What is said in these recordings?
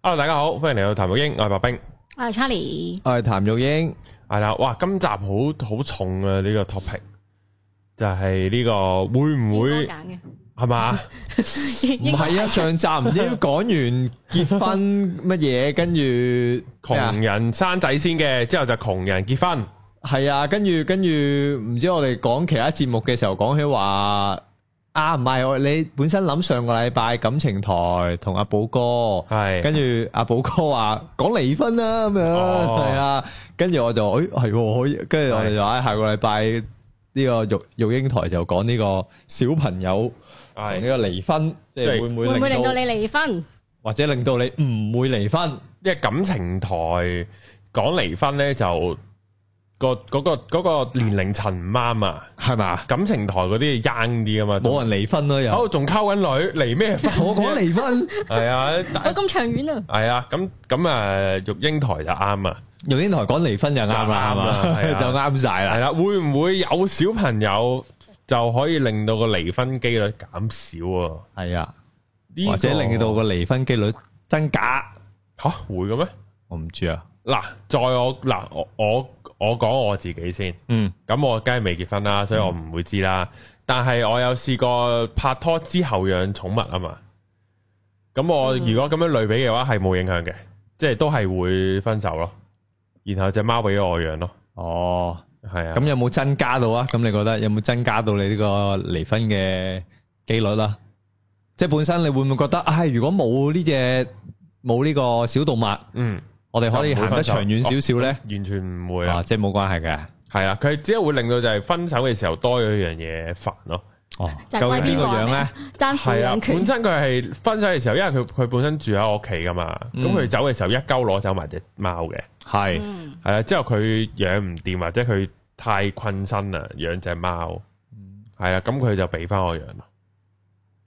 Hello 大家好，歡迎嚟到談育鷹，我係白兵，我係 Charlie 我係談育鷹，係啦，哇，今集好好重啊！呢、這個 topic 就係呢個會唔會係嘛？唔係啊，上集唔知講完結婚乜嘢，跟住窮人生仔先嘅，之後就窮人結婚，係 啊，跟住跟住唔知我哋講其他節目嘅時候講起話。啊，唔係我你本身諗上個禮拜感情台同阿寶哥，係跟住阿寶哥話講離婚啦咁樣，係啊，跟住我就誒係，跟住我哋就喺下個禮拜呢個育育嬰台，就講呢個小朋友同呢個離婚，即係會唔會令到你離婚，或者令到你唔會離婚？因為感情台講離婚咧就。個嗰個個年齡層唔啱啊，係嘛？感情台嗰啲 young 啲啊嘛，冇人離婚啊又,好仲溝緊女離咩婚？我講離婚，係啊，我咁長遠啊，係啊，咁咁啊，育鷹台就啱啊。育鷹台講離婚就啱啦，就啱晒啦，係啦，會唔會有小朋友就可以令到個離婚幾率減少啊？係啊，或者令到個離婚幾率增加？吓會嘅咩？我唔知啊。嗱，在我嗱我我。我講我自己先，嗯，咁我梗係未結婚啦，所以我唔會知啦。嗯、但係我有試過拍拖之後養寵物啊嘛，咁我如果咁樣類比嘅話，係冇影響嘅，即係都係會分手咯。然後隻貓俾咗我養咯，哦，係啊。咁有冇增加到啊？咁你覺得有冇增加到你呢個離婚嘅幾率啊？即係本身你會唔會覺得，唉、啊，如果冇呢隻冇呢個小動物，嗯？我哋可以行得長遠少少咧？完全唔會啊！即係冇關係嘅，係啊，佢只係會令到就係分手嘅時候多咗一樣嘢煩咯。哦，天就係邊個養咧？爭撫養權，係啊，本身佢係分手嘅時候，因為佢佢本身住喺我屋企噶嘛，咁佢、嗯、走嘅時候一鳩攞走埋隻貓嘅，係係啦。之後佢養唔掂或者佢太困身啦，養隻貓。係、嗯、啊，咁佢就俾翻我養咯。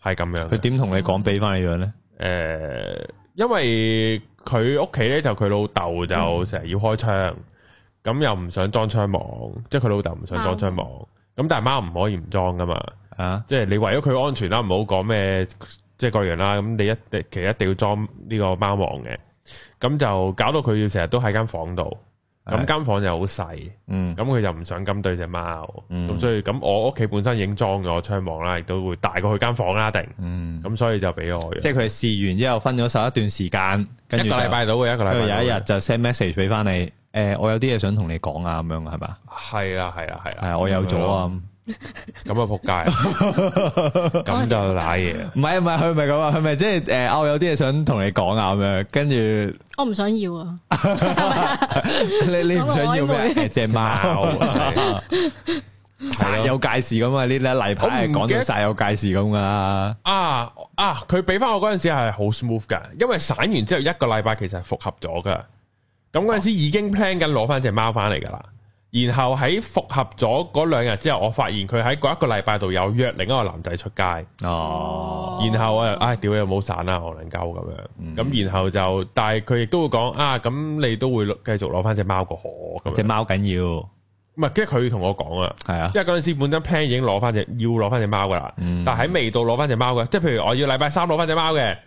係咁樣，佢點同你講俾翻你養咧？誒、嗯，因為。佢屋企咧就佢老豆就成日要開窗，咁、嗯、又唔想裝窗網，即係佢老豆唔想裝窗網，咁、嗯、但係貓唔可以唔裝噶嘛，啊！即係你為咗佢安全啦，唔好講咩即係各樣啦，咁你一其實一定要裝呢個貓網嘅，咁就搞到佢要成日都喺間房度。咁間房、嗯、就好細，咁佢就唔想咁對隻貓，咁、嗯、所以咁我屋企本身已經裝咗窗網啦，亦都會大過佢間房啦，一定、嗯，咁所以就俾我了。即係佢試完之後分咗手一段時間，一個禮拜到嘅一個禮拜，有一日就 send message 俾翻你，誒、嗯欸、我有啲嘢想同你講啊咁樣係嘛？係啦係啦係啦，係、嗯、啊，啊，啊，啊，啊，啊我有咗、嗯、啊。咁啊仆街，咁 就舐嘢。唔係唔係，佢唔係咁啊，佢唔係即係誒，我有啲嘢想同你講啊，咁樣，跟住我唔想要啊。 你你唔想要咩？隻貓煞有介、欸、 事噶嘛？呢一禮拜講晒煞有介事咁啊。啊啊，佢俾翻我嗰陣時係好 smooth 噶，因為散完之後一個禮拜其實係復合咗噶。咁嗰陣時已經 plan 緊攞翻隻貓翻嚟噶啦。然後喺復合咗嗰兩日之後，我發現佢喺嗰一個禮拜度有約另一個男仔出街哦。然後我又唉、哎，屌有冇散啦，我能夠咁樣。咁、嗯、然後就，但係佢亦都會講啊，咁你都會繼續攞翻隻貓個河，隻貓緊要。唔係，跟住佢同我講啊，係啊，因為嗰陣時本身 plan 已經攞翻隻，要攞翻隻貓噶啦。嗯、但係未到攞翻隻貓嘅，即係譬如我要禮拜三攞翻隻貓嘅，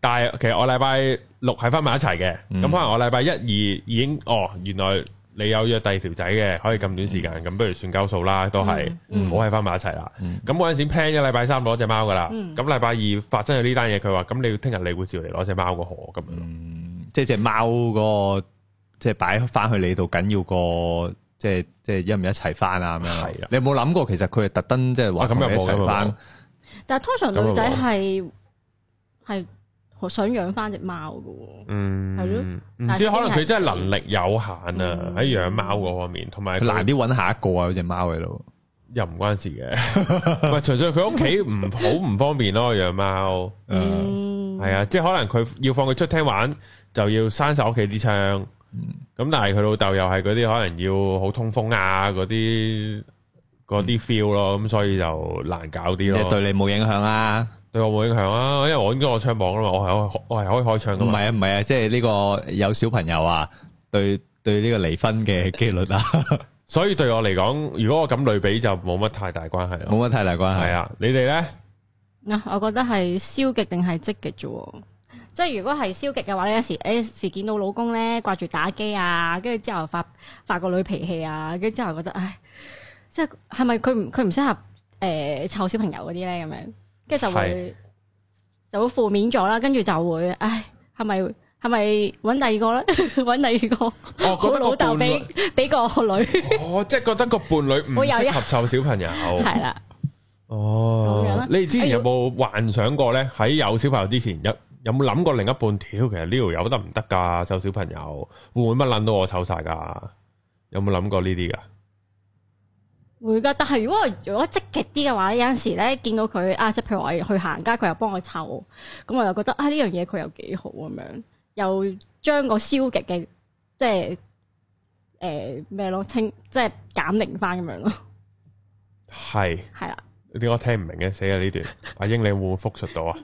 但係其實我禮拜六係翻埋一齊嘅。咁可能我禮拜一二已經哦，原來、嗯。你有約第二條仔嘅，可以咁短時間，咁不如算夠數啦，都係唔好喺翻埋一齊啦。咁嗰陣時 plan 咗禮拜三攞隻貓噶啦，咁禮拜二發生咗呢單嘢，佢話咁你要聽日你會照嚟攞隻貓個河咁樣，即係隻貓個即係擺翻去你度，緊要個即係即係一唔一齊翻啊咁樣。係啦的，你有冇諗過其實佢係特登即係話咁樣翻？但係通常女仔係係。想養翻隻貓噶，係咯，即係可能佢真係能力有限啊，喺養貓嗰方面，同埋難啲搵下一個啊，隻貓喺度又唔關事嘅，唔係純粹佢屋企唔好唔方便咯、啊，養貓係啊，即係可能佢要放佢、e、出廳玩，就要閂晒屋企啲窗，咁、嗯、但係佢老豆又係嗰啲可能要好通風啊，嗰啲嗰啲 feel 咯，咁所以就難搞啲咯， 對你冇影響啊。對我冇影響啊，因為我已經我唱網啦嘛，我係我我係可以開唱噶嘛。唔係啊，唔係啊，即係呢個有小朋友啊，對對呢個離婚嘅幾率啊， 所以對我嚟講，如果我咁類比就冇乜太大關係啦，啊，冇乜太大關係係啊。你哋咧？嗱，我覺得係消極定係積極啫，即係如果係消極嘅話，有時誒、哎、時見到老公咧掛住打機啊，跟住之後發發個女脾氣啊，跟住之後覺得唉，即係係咪佢唔佢唔適合誒湊、呃、小朋友嗰啲咧咁樣？跟住就會，就會負面咗啦。跟住就會，唉，係咪係咪揾第二個咧？揾第二個，我覺得個伴侶，俾個女。我即係覺得個伴侶唔會適合湊小朋友。係啦，哦，你之前有冇幻想過咧？喺有小朋友之前，有有冇諗過另一半？挑，其實呢條友得唔得噶？湊小朋友會唔會乜捻到我醜晒噶？有冇諗過呢啲噶？會噶，但係如果我如果積極啲嘅話有陣時咧見到佢啊，即係譬如話去行街，佢又幫我湊，咁我又覺得啊呢樣嘢佢又幾好咁樣，又將個消極嘅即係誒咩咯清，即係減齡翻咁樣咯。係係啦，點解 我聽唔明嘅寫喺呢死段？阿英， 你會唔會復述到啊？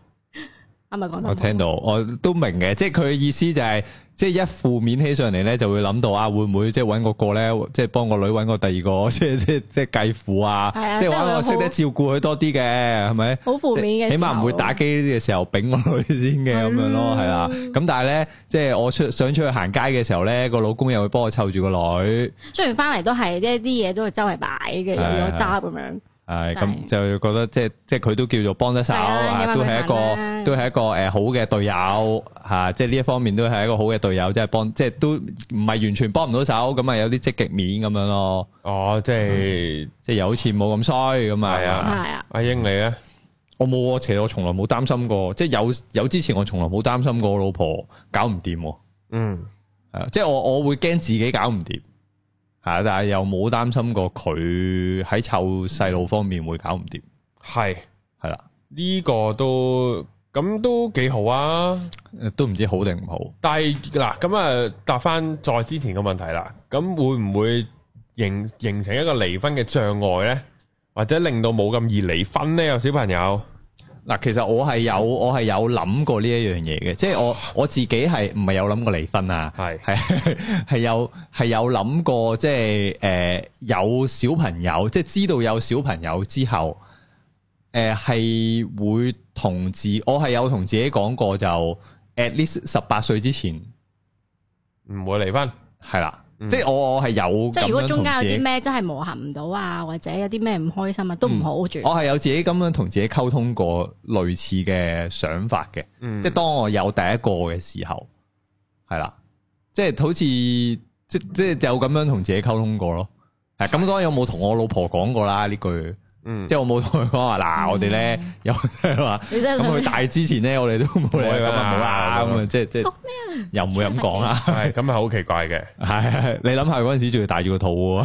我聽到，我都明嘅，即係佢嘅意思就係、是，即係一負面起上嚟，咧，就會諗到啊，會唔會即係搵個個咧，即係幫個女搵個第二個，即係即係即係繼父啊，啊即係玩我識得照顧佢多啲嘅，係咪？好負面嘅，起碼唔會打機嘅時候丙我女先嘅咁，啊，樣咯，係啊。咁但係咧，即係我出想出去行街嘅時候咧，個老公又會幫我湊住個女。雖然翻嚟都係一啲嘢都係周圍擺嘅，有咗揸咁樣。係咁就覺得即係即係佢都叫做幫得手、啊，都係一個都係一個誒、呃、好嘅隊友吓、啊，即係呢一方面都係一個好嘅隊友，即係幫即係都唔係完全幫唔到手，咁啊有啲積極面咁樣咯。哦，就是嗯、即係即係又好似冇咁衰咁啊！係啊，啊阿英你咧，我冇，而且我從來冇擔心過，即係有有之前我從來冇擔心過我老婆搞唔掂。嗯，係啊，即係我我會驚自己搞唔掂。係，但係又冇擔心過佢喺湊細路方面會搞唔掂，係係啦，呢個都咁都幾好啊，都唔知好定唔好。但係嗱，咁啊答翻再之前嘅問題啦，咁會唔會形形成一個離婚嘅障礙呢？或者令到冇咁易離婚呢？有小朋友。嗱，其實我係有，我係有諗過呢一樣嘢嘅，即係我我自己係唔係有諗過離婚啊？係係係有係有諗過，即係誒、呃、有小朋友，即係知道有小朋友之後，誒、呃、係會同自，我係有同自己講過就，就 at least 十八歲之前唔會離婚，係啦。即係我我係有即係如果中間有啲咩真係磨合唔到啊，或者有啲咩唔開心啊，都唔好住、嗯。我係有自己咁樣同自己溝通過類似嘅想法嘅，嗯、即係當我有第一個嘅時候，係啦，即、就、係、係、好似即即係就咁樣同自己溝通過咯。咁當然有冇同我老婆講過啦呢句。即係我冇同佢講話嗱，我哋咧又係嘛，咁佢大之前咧，我哋都冇理啦，咁即係即係又唔會咁講啊，係咁啊，好奇怪嘅，係你諗下嗰陣時仲要大住個肚，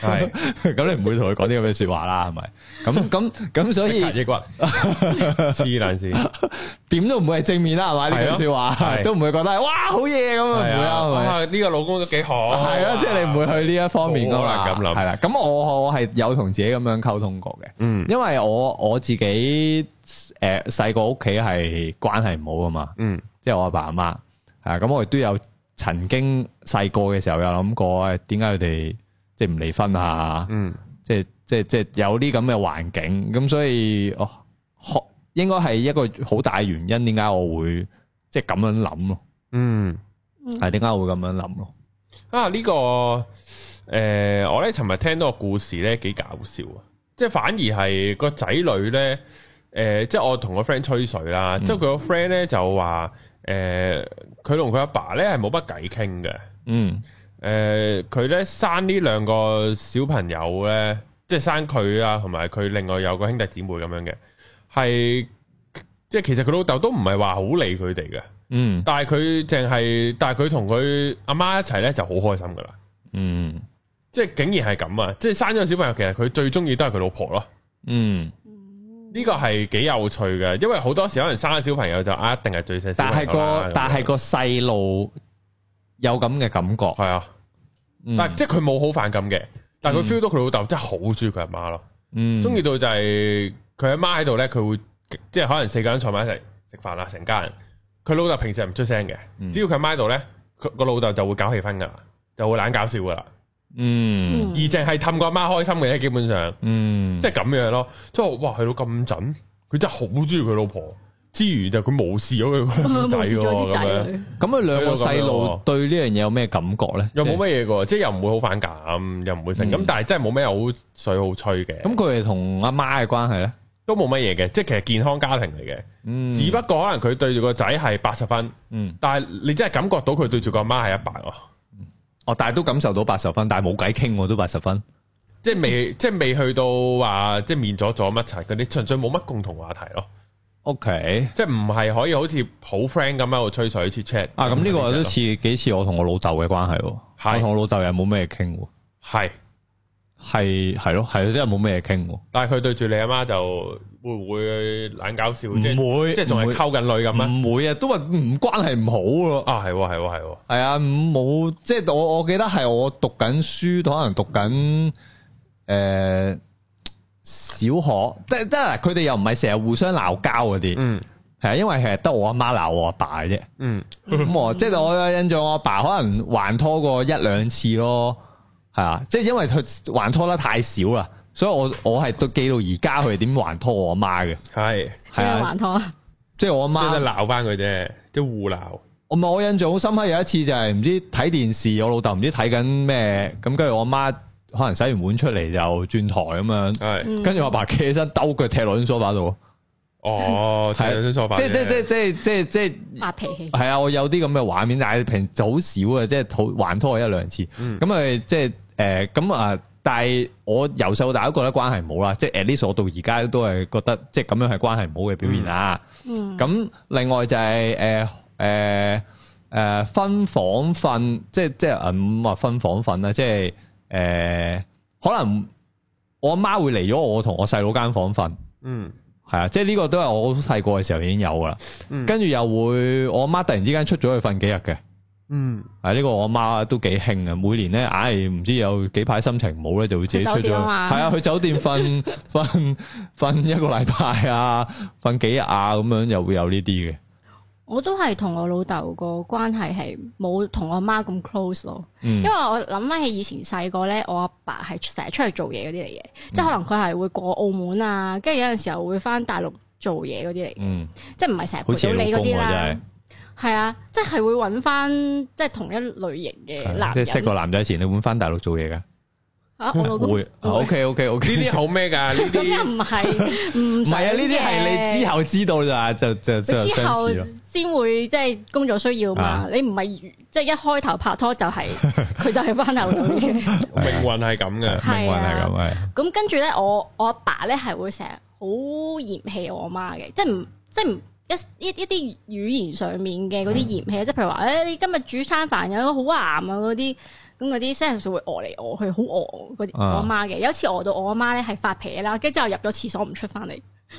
係咁你唔會同佢講啲咁嘅說話啦，係咪？咁咁咁所以，抑鬱黐撚線事，點都唔會係正面啦，係嘛？呢句說話都唔會覺得哇好嘢，咁啊，呢個老公都幾好，係啊，即係你唔會去呢一方面啦咁諗，係啦。咁我我係有同自己咁樣溝通過。嗯，因為我我自己誒，細個屋企係關係唔好啊嘛，嗯，即係我阿爸阿媽吓，咁、啊、我亦都有曾經細個嘅時候有諗過，誒，點解佢哋即係唔離婚啊？嗯，即係即係即係有啲咁嘅環境，咁所以哦，好應該係一個好大原因，點解我會即係咁樣諗咯？嗯，係點解我會咁樣諗咯？啊，呢、這個誒、呃，我咧尋日聽到個故事咧，幾搞笑啊！即係反而係個仔女咧，誒、呃，即係我同個 friend 吹水啦，即係佢個 friend 咧就話，誒，佢同佢阿爸咧係冇乜偈傾嘅，嗯，誒，佢、呃、咧、嗯呃、生呢兩個小朋友咧，即係生佢啊，同埋佢另外有個兄弟姊妹咁樣嘅，係，即係其實佢老豆都唔係話好理佢哋嘅，嗯，但係佢淨係，但係佢同佢阿媽一齊咧就好開心噶啦，嗯。即係竟然係咁啊！即係生咗小朋友，其實佢最中意都係佢老婆咯。嗯，呢個係幾有趣嘅，因為好多時可能生咗小朋友就、啊、一定係最細，但係個但係個細路有咁嘅感覺係、嗯、啊，但、嗯、即係佢冇好反感嘅，但係佢 feel 到佢老豆真係好中意佢阿媽咯。嗯，中意到就係佢阿媽喺度咧，佢會即係可能四個人坐埋一齊食飯啦，成家人。佢老豆平時係唔出聲嘅，只要佢阿媽喺度咧，佢個老豆就會搞氣氛噶啦，就會懶搞笑噶啦。嗯，而淨係氹個阿媽開心嘅，基本上，嗯，即係咁樣咯。即係，哇，去到咁準，佢真係好中意佢老婆之餘，就佢無視咗佢個仔咯。咁佢兩個細路對呢樣嘢有咩感覺咧？又冇乜嘢噶，即係又唔會好反感，又唔會性咁，嗯、但係真係冇咩好水好吹嘅。咁佢哋同阿媽嘅關係咧，都冇乜嘢嘅，即係其實健康家庭嚟嘅。嗯、只不過可能佢對住個仔係八十分，嗯，但係你真係感覺到佢對住個阿媽係一百。哦、但係都感受到八十分，但係冇偈傾，都八十分，嗯、即係未，即係未去到話，即係面阻阻乜齊，佢哋純粹冇乜共同話題咯。O Okay . K，即係唔係可以好似好 friend 咁喺度吹水 chat 啊？咁呢聊、啊、個都似、嗯、幾似我同我老豆嘅關係，是我同我老豆又冇咩傾，係。係係咯，係咯真係冇咩嘢傾。但係佢對住你阿媽就會唔會懶搞笑啫？唔會，即係仲係溝緊女咁樣？唔會啊，都話唔關係唔好咯。啊，係係係，係、嗯、啊，冇即係我我記得係我讀緊書，可能讀緊誒、呃、小學。即係即係，佢哋又唔係成日互相鬧交嗰啲。嗯，係啊、嗯， 因為係得我阿媽鬧我阿爸啫。嗯，咁我即係我有印象，我阿爸可能還拖過一兩次咯。啊，即係因為佢還拖得太少啦，所以我我係都記到而家佢點還拖我阿媽嘅。係係啊，還拖，即係我阿媽即係鬧翻佢啫，啲互鬧。我咪我印象好深刻，有一次就係唔知睇電視，我老豆唔知睇緊咩，咁跟住我阿媽可能洗完碗出嚟就轉台咁樣。係，跟住我爸企起身，兜腳踢落張梳化度。哦，踢張 sofa，即即即即即即即發脾氣。係啊，我有啲咁嘅畫面，但係平好少啊，即係討還拖我一兩次。嗯，咁啊，即係。誒，咁啊、嗯，嗯、但係我由細到大都覺得關係唔好啦，即係誒呢我到而家都係覺得即係咁樣係關係唔好嘅表現啊。咁、嗯嗯、另外就係誒誒誒分房瞓，即係即係咁啊分房瞓啦，即係誒、呃、可能我阿媽會嚟咗我同我細佬間房瞓，嗯，係啊，即係呢個都係我細個嘅時候已經有噶啦，跟住、嗯、又會我阿媽突然之間出咗去瞓幾日嘅。嗯，係呢個我阿媽，媽都幾興啊！每年咧，唉、哎，唔知有幾排心情唔好咧，就會自己出咗，係啊，去酒店瞓瞓瞓一個禮拜啊，瞓幾日咁，啊，樣又會有呢啲嘅。我都係同我老豆個關係係冇同我阿媽咁 close 咯，嗯，因為我諗翻起以前細個咧，我阿爸係成日出去做嘢嗰啲嚟嘅，嗯，即係可能佢係會過澳門啊，跟住有陣時候會翻大陸做嘢嗰啲嚟，嗯，即係唔係成日陪住你嗰啲啦。係啊，即係會揾翻即係同一類型嘅男。即係你識個男仔前，你會翻大陸做嘢噶？啊，會。O K O K O K 呢啲好咩噶？咁又唔係唔係啊？呢啲係你之後知道咋，就就之後先會即係工作需要嘛？你唔係即係一開頭拍拖就係佢就係翻大陸嘅。命運係咁嘅，命運係咁嘅。咁跟住咧，我我阿爸咧係會成日好嫌棄我阿媽嘅，即係唔即係唔。一一啲語言上面嘅嗰啲嫌棄，即係譬如話，誒、欸、你今日煮餐飯有好鹹啊嗰啲，咁嗰啲 sentences 會餓嚟餓去，好餓嗰我媽嘅、er。有一次餓到我媽咧係發脾氣啦，跟住之後入咗廁所唔出翻嚟，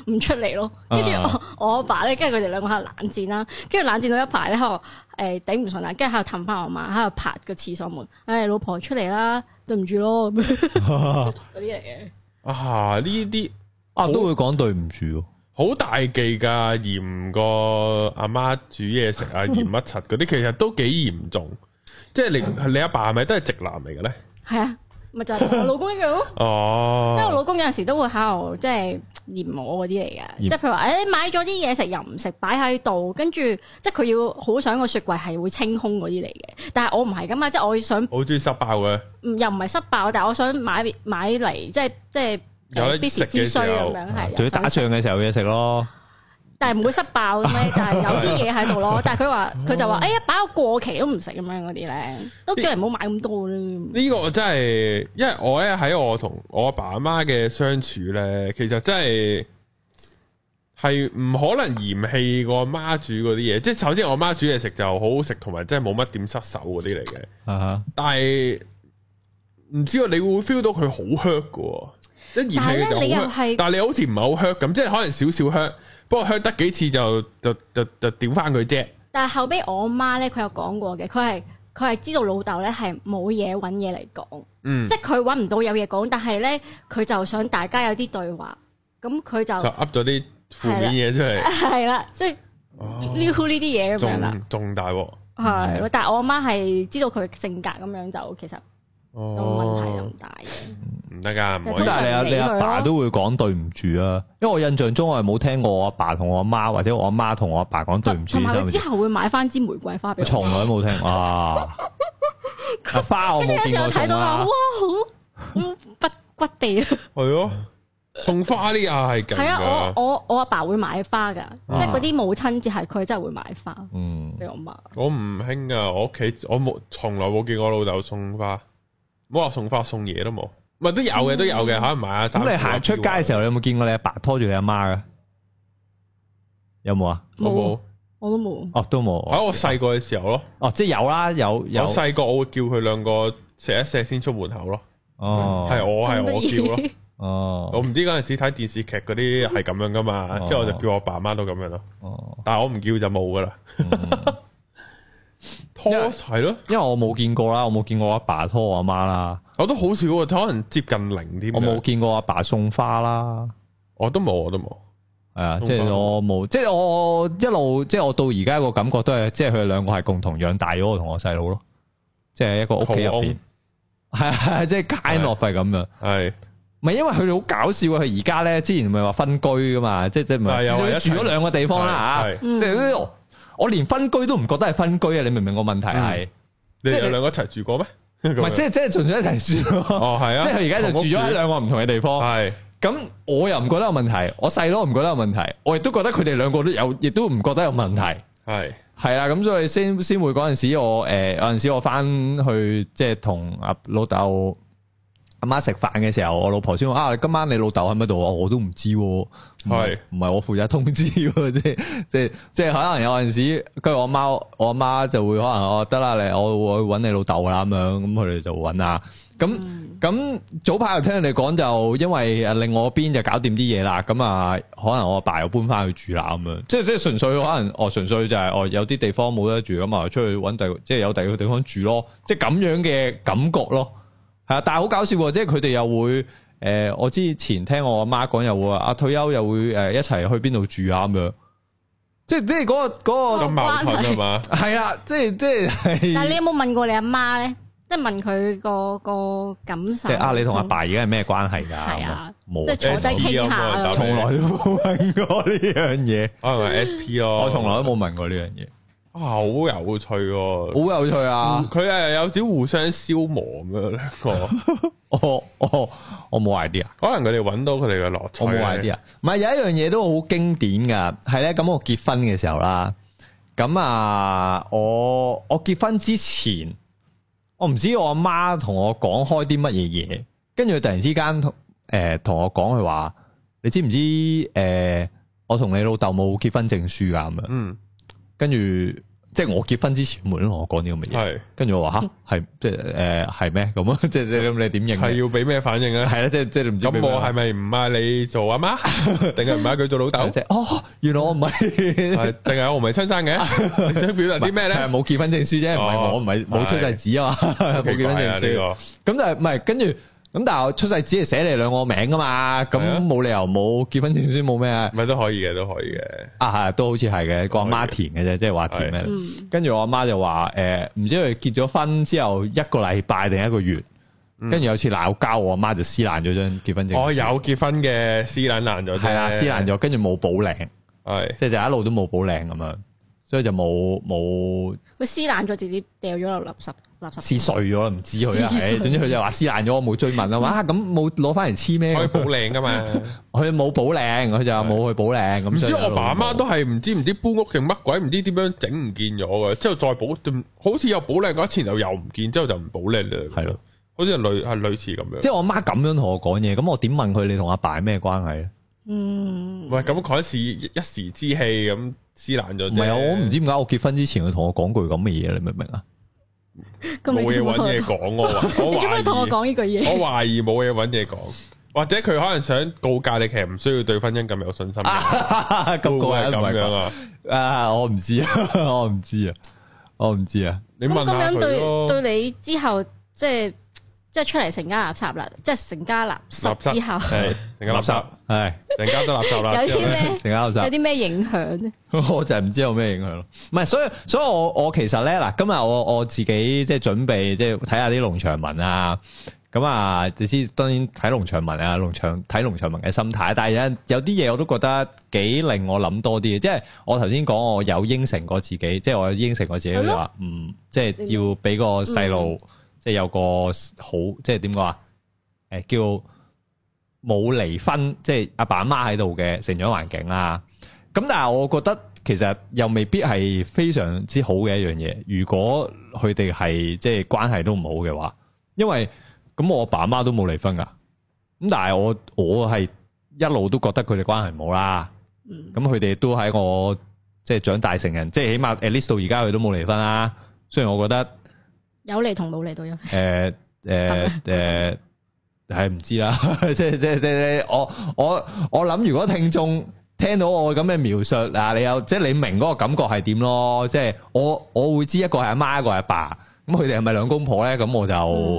唔出嚟咯。跟住我阿爸咧，跟住佢哋兩個喺度冷戰啦，跟住冷戰到一排咧，喺度誒頂唔順啦，跟住喺度氹翻我媽，喺度拍個廁所門，誒老婆出嚟啦，對唔住咯嗰啲嚟嘅。啊，呢啲 啊，啊都會講對唔住。好大忌噶，嫌個阿媽煮嘢食啊，嫌乜柒嗰啲，其實都幾嚴重。 即係你你阿爸係咪都係直男嚟嘅咧？係啊，咪就係我老公一樣囉。哦，即係我老公有陣時都會喺度，即係嫌我嗰啲嚟嘅。即係譬如話，誒，買咗啲嘢食又唔食，擺喺度，跟住即係佢要好想個雪櫃係會清空嗰啲嚟嘅。但係我唔係噶嘛，即係我想。好中意塞爆嘅，又唔係塞爆，但係我想買買嚟，即係即係。即有啲必食之需，佢打仗嘅時候嘢食咯，但係唔會失爆嘅咩？就係有啲嘢喺度咯。但係佢話佢就話呀，擺到過期都唔食咁樣嗰啲咧，都叫人唔好買咁多。呢個真係，因為我咧喺我同我阿爸阿媽嘅相處咧，其實真係係唔可能嫌棄我媽煮嗰啲嘢。即係首先我媽煮嘢食就好好食，同埋真係冇乜點失手嗰啲嚟嘅。 但係唔知道你會 feel 到佢好 hurt 嘅。但係咧，你又係，但係你好似唔係好 hurt 咁，即係可能少少 hurt，不過 hurt 得幾次就就就就屌翻佢啫。但係後尾我阿媽咧，佢有講過嘅，佢係佢係知道老豆咧係冇嘢搵嘢嚟講，嗯，即係佢搵唔到有嘢講，但係咧佢就想大家有啲對話，咁佢就就噏咗啲負面嘢出嚟，係啦，即係撩呢啲嘢咁樣啦，仲大喎，係，但係我阿媽係知道佢性格咁樣，就其實。冇、嗯、問題咁大嘅，唔得噶。但係你阿你阿爸，爸都會講對唔住啊，因為我印象中我係冇聽過我阿爸同我阿媽，或者我阿媽同我阿爸講對唔住。同埋佢之後會買翻支玫瑰花俾我。我從 來都冇聽過啊， 他啊，花我冇。跟住有一次睇到啊哇，哇，好不骨地。啊！」係咯，送花呢啊係。係啊，我我我阿爸，爸會買花噶，啊、即係嗰啲母親節係佢真係會買花，俾、嗯、 我媽。我唔興啊，我屋企我冇從來冇見我老豆送花。冇話送花送嘢都冇，唔係都有嘅都有嘅，可能唔係啊。咁你行出街嘅時候，你有冇見過你阿爸拖住你阿媽噶？有冇啊？我冇，我都冇，哦都冇。喺我細個嘅時候咯，哦即係有啦有有。我細個我會叫佢兩個錫一錫先出門口咯。哦，係我係我叫咯。哦，我唔知嗰陣時睇電視劇嗰啲係咁樣噶嘛，之後我就叫我爸媽都咁樣咯。哦，但係我唔叫就冇噶啦。係咯，因為我冇見過啦，我冇見過阿爸拖我阿媽啦。我都好少，可能接近零點。我冇見過阿爸送花啦，我都冇，的文我都冇。係啊，即係我冇，即係我一路，即係我到而家個感覺都係，即係佢哋兩個係共同養大咗我同我細佬咯。即係一個屋企入邊，係係即係 kind of 咁樣。係，唔係因為佢哋好搞笑啊！佢而家咧之前唔係話分居噶嘛，即係即係唔係住咗兩個地方啦吓，即係呢度。的 我連分居都唔覺得係分居啊！你明唔明我問題係？嗯、你哋兩個一齊住過咩？係 即係即係純粹一齊住咯。哦係啊，即係佢而家就住咗喺兩個唔同嘅地方。係咁，我又唔覺得有問題。我細佬唔覺得有問題，我亦都覺得佢哋兩個都有，亦都唔覺得有問題。係系是啊，咁所以先先會嗰陣時，我誒有陣時我翻、呃、去即係同阿老豆。阿媽食飯嘅時候，我老婆先話：啊，今晚你老豆喺咪度啊？我都唔知喎、哦。係唔係我負責通知 即？即係即係即係可能有陣時，跟住我媽，我阿媽就會可能我得啦，你我會揾你老豆啊咁樣。咁佢哋就揾啦。咁咁、嗯、早排又聽你講，就因為誒另外一邊就搞掂啲嘢啦。咁啊，可能我阿爸，爸又搬翻去住啦咁樣。即係即係純粹可能哦，純粹就係、是、哦，有啲地方冇得住，咁啊出去揾第即係有第二個地方住咯。即係咁樣嘅感覺咯。啊、但係好搞笑，即係佢哋又會誒、呃，我之前聽我阿媽講又會啊，退休又會誒、呃、一齊去邊度住啊咁樣，即係即係嗰個嗰個矛盾係嘛？係啊，即係、嗰個嗰個啊、即係。就係，但係你有冇問過你阿媽咧？即係問佢個個感受。啊你同阿爸而家係咩關係噶？係啊，即係坐低傾下。從來都冇問過呢樣嘢。係啊，係咪 SP 啊，SP 咯，我從來都冇問過呢樣嘢。好有趣，好、哦、有趣啊！佢係、嗯、有少互相消磨咁樣兩個。哦哦，我冇 idea。可能佢哋揾到佢哋嘅樂趣。我冇 idea。唔係有一樣嘢都好經典噶，係咧，咁我結婚嘅時候啦。咁、嗯、啊，我我結婚之前，我唔知我阿媽同我講開啲乜嘢嘢，跟住佢突然之間，誒、呃，同我講，佢話，你知唔知？誒、呃，我同你老豆冇結婚證書咁啊？嗯。跟住，即係我結婚之前，冇同我講呢咁嘅嘢。係，跟住我話吓，係即係誒，係咩咁啊？即係即係咁，你點應？係要俾咩反應啊？係啦，即係即係唔知。咁我係咪唔係你做阿媽，定係唔係佢做老豆？哦，原來我唔係，定係我唔係親生嘅。你想表達啲咩咧？冇結婚證書啫，唔係我唔係冇出世紙啊，冇結婚證書。咁但係唔係？跟住。咁但係我出世只係寫你兩個名㗎嘛，咁冇理由冇結婚證書冇咩啊？咪都可以嘅，都可以嘅。啊係，都好似係嘅，我阿媽填嘅啫，即係話填咩？跟住我阿媽就話，誒，唔知佢結咗婚之後一個禮拜定一個月，跟住有次鬧交，我阿媽就撕爛咗張結婚證。我有結婚嘅撕爛爛咗，係啦，撕爛咗，跟住冇補領，係，即係就一路都冇補領咁樣。所以就冇冇，佢撕爛咗直接掉咗落垃圾，垃圾撕碎咗啦，唔知佢啦，總之佢就話撕爛咗，我冇追問啦。哇，咁冇攞翻嚟黐咩？可以補領噶嘛？佢冇補領，佢就冇去補領。咁即係我爸阿媽都係唔知唔知搬屋定乜鬼，唔知點樣整唔見咗嘅。之後再補，好似有補領嗰一次又又唔見，之後就唔補領啦。係咯，好似類係類似咁樣。即係我阿媽咁樣同我講嘢，咁我點問佢你同阿爸咩關係咧？嗯，喂，咁嗰一次一時之氣咁。撕爛咗。唔係啊，我唔知點解我結婚之前佢同我講句咁嘅嘢，你明唔明啊？冇嘢搵嘢講，我話，你做咩同我講呢句嘢？我懷疑冇嘢搵嘢講，或者佢可能想告誡你，其實唔需要對婚姻咁有信心。咁講係咁樣啊？啊，我唔知啊，我唔知啊，我唔知啊。 你問咁樣對對你之後即係。 即係出嚟成家垃圾啦，即係成家垃圾之後，係成圾 家垃圾，係成是家都垃圾啦。 有啲咩？家垃圾有啲咩影響咧？ 我就係唔知有咩影響咯。唔係，所以所以我我其實咧嗱，今日我我自己即係準備即係睇下啲農場文啊，咁、嗯、啊，你知當然睇農場文啊，農場睇農場文嘅心態，但係有有啲嘢我都覺得幾令我諗多啲嘅，即係我頭先講我有應承過自己，即係 我有應承過自己話唔，即係 要俾個細路。即係有個好，即係點講啊？誒叫冇離婚，即係阿爸阿媽喺度嘅成長環境啦。咁但係我覺得其實又未必係非常之好嘅一樣嘢。如果佢哋係即係關係都唔好嘅話，因為咁我爸阿媽都冇離婚㗎。咁但係我我係一路都覺得佢哋關係唔好啦。咁佢哋都喺我即係長大成人，即係起碼 at least 到而家佢都冇離婚啦。雖然我覺得。有利同冇利都有。誒誒誒，係唔知啦。即即即我我我諗，如果聽眾聽到我咁嘅描述啊，你有即、就是、你明嗰個感覺係點咯？即、就是、我我會知一個係阿媽，媽一個係阿爸，爸。咁佢哋係咪兩公婆咧？咁我就、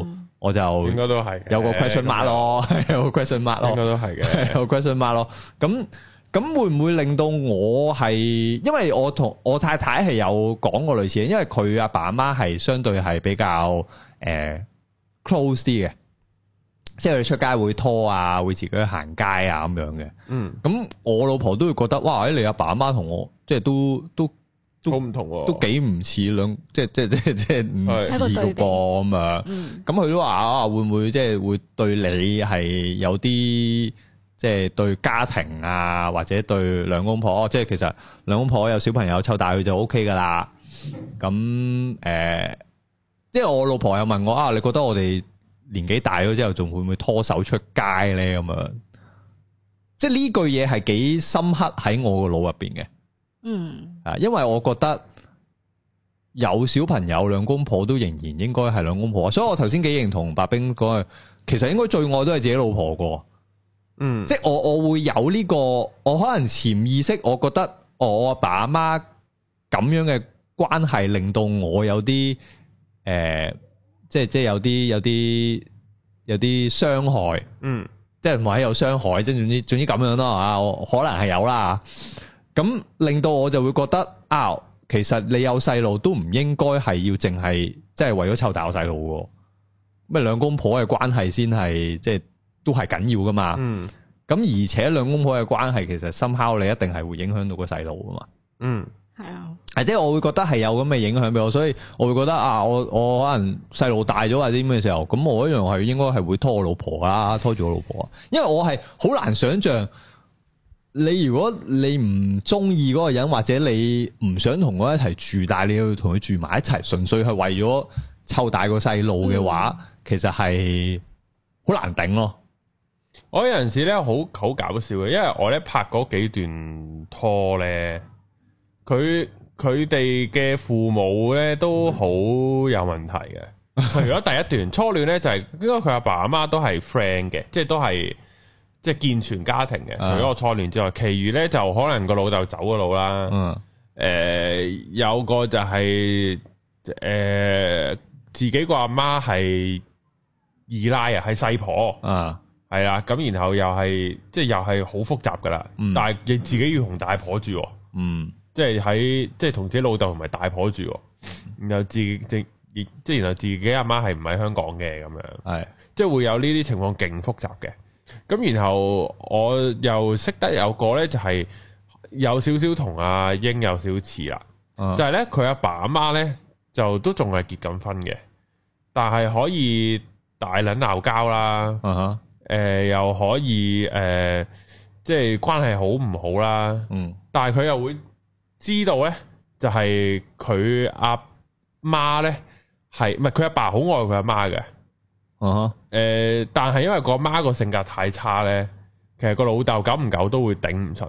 嗯、我就應該都係有個 question mark 咯，有個 question mark 咯，應該都係嘅，有 question mark 咯。咁。咁會唔會令到我係？因為我同我太太係有講過類似嘅，因為佢阿爸阿媽係相對係比較誒、呃、close 啲嘅，即係佢出街會拖啊，會自己去行街啊咁樣嘅。嗯。咁我老婆都會覺得哇！你阿爸阿媽同我即係都都都好唔同，都，同都幾唔似兩，即係即係即係即係唔似嘅噃咁啊。咁佢的、嗯、都話啊，會唔會即係會對你係有啲？即係對家庭啊，或者對兩公婆，即係其實兩公婆有小朋友湊大佢就 OK 噶啦。咁誒，即係我老婆又問我啊，你覺得我哋年紀大咗之後，仲會唔會拖手出街呢？咁樣，即係呢句嘢係幾深刻喺我個腦入邊嘅。嗯，啊、嗯，因為我覺得有小朋友兩公婆都仍然應該係兩公婆，所以我頭先幾認同白兵講，其實應該最愛都係自己老婆個嗯，即係我我會有呢個，我可能潛意識我覺得我阿爸阿媽咁樣嘅關係，令到我有啲誒，即係即係有啲有啲有啲傷害，嗯，即係唔係有傷害，即係總之總之咁樣咯啊，可能係有啦，咁令到我就會覺得啊，其實你有細路都唔應該係要淨係即係為咗湊大我細路，咩兩公婆嘅關係先係即係。都係緊要噶嘛？咁、嗯、而且兩公婆嘅關係其實深刻，你一定係會影響到個細路噶嘛？嗯，係啊。係即係我會覺得係有咁嘅影響俾我，所以我會覺得啊，我我可能細路大咗或者咩時候，咁我一樣係應該係會拖我老婆㗎啦，拖住我老婆，因為我係好難想象你如果你唔中意嗰個人，或者你唔想同佢一齊住，但係你要同佢住埋一齊，純粹係為咗湊大個細路嘅話，嗯、其實係好難頂咯。我有陣時咧，好好搞笑嘅，因為我咧拍嗰幾段拖咧，佢佢哋嘅父母咧都好有問題嘅。除咗 第一段初戀咧，就係應該佢阿爸阿媽都係 friend 嘅，即係都係即係健全家庭嘅。除咗我初戀之外，其餘咧就可能個爸爸老豆走咗路啦。嗯，誒、呃，有個就係、是、誒、呃、自己個阿媽係二奶啊，係細婆啊。嗯係啦，咁然後又係，即係又係好複雜噶啦。嗯、但係你自己要同大婆住，嗯，即係喺即係同自己老豆同埋大婆住，然後自即即即然後自己阿媽係唔喺香港嘅咁樣，係是的 即係會有呢啲情況勁複雜嘅。咁然後我又識得有個咧，就係有少少同阿英有少似啦，就係咧佢阿爸阿媽咧就都仲係結緊婚嘅，但係可以大卵鬧交啦。啊誒、呃，又可以誒、呃，即係關係好唔好啦。嗯，但係佢又會知道咧，就係佢阿媽咧係，唔係佢阿爸好愛佢阿媽嘅。誒、啊哈呃，但係因為個阿媽個性格太差咧，其實個老豆久唔久都會頂唔順。